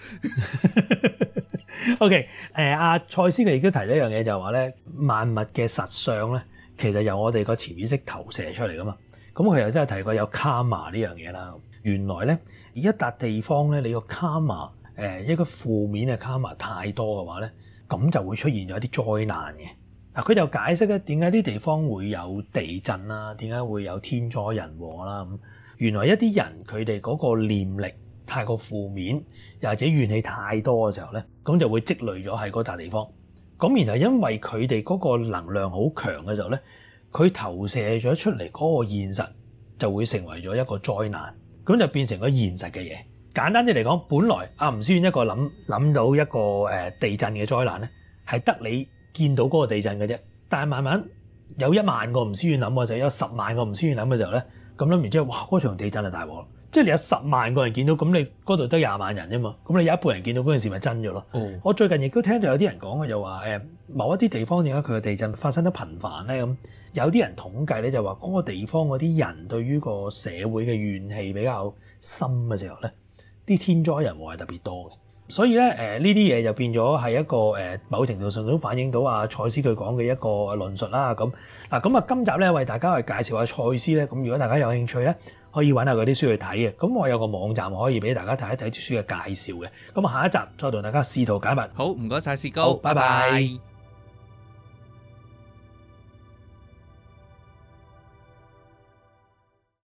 Speaker 1: ？OK，誒阿蔡先琪亦都提咗一樣嘢，就係話咧萬物嘅實相咧，其實由我哋個潛意識投射出嚟噶嘛。咁佢又真係提過有卡 a 呢樣嘢啦。原來咧，而一笪地方咧，你個卡瑪誒一個負面嘅卡 a 太多嘅話咧，咁就會出現咗一啲災難嘅。嗱，佢就解釋咧，點解啲地方會有地震啦，點解會有天災人禍啦咁。原來一啲人佢哋嗰個念力太過負面，又或者怨氣太多嘅時候咧，咁就會積累咗喺嗰笪地方。咁然後因為佢哋嗰個能量好強嘅時候咧，佢投射咗出嚟嗰個現實就會成為咗一個災難。咁就變成咗現實嘅嘢。簡單啲嚟講，本來阿吳思遠一個諗諗到一個誒地震嘅災難咧，係得你見到嗰個地震嘅啫。但係慢慢有一萬個吳思遠諗嘅時候，有十萬個吳思遠諗嘅時候咧。咁諗完之後哇，嗰場地震就大鑊，即係你有十萬個人見到，咁你嗰度得廿萬人啫嘛，咁你有一半人見到嗰陣時咪真咗咯。嗯、我最近亦都聽到有啲人講佢就話，某一啲地方點解佢嘅地震發生得頻繁咧？咁有啲人統計咧就話，嗰個地方嗰啲人對於個社會嘅怨氣比較深嘅時候咧，啲天災人禍係特別多嘅。所以咧，誒呢啲嘢就變咗係一個誒某程度上都反映到啊塞斯佢講嘅一個論述啦。咁嗱，咁啊今集咧為大家係介紹下塞斯咧，咁如果大家有興趣咧，可以揾下佢啲書去睇嘅。咁我有個網站可以俾大家睇一睇啲書嘅介紹嘅。咁啊下一集再同大家試圖解密。好，唔
Speaker 2: 該曬，薛高，拜拜。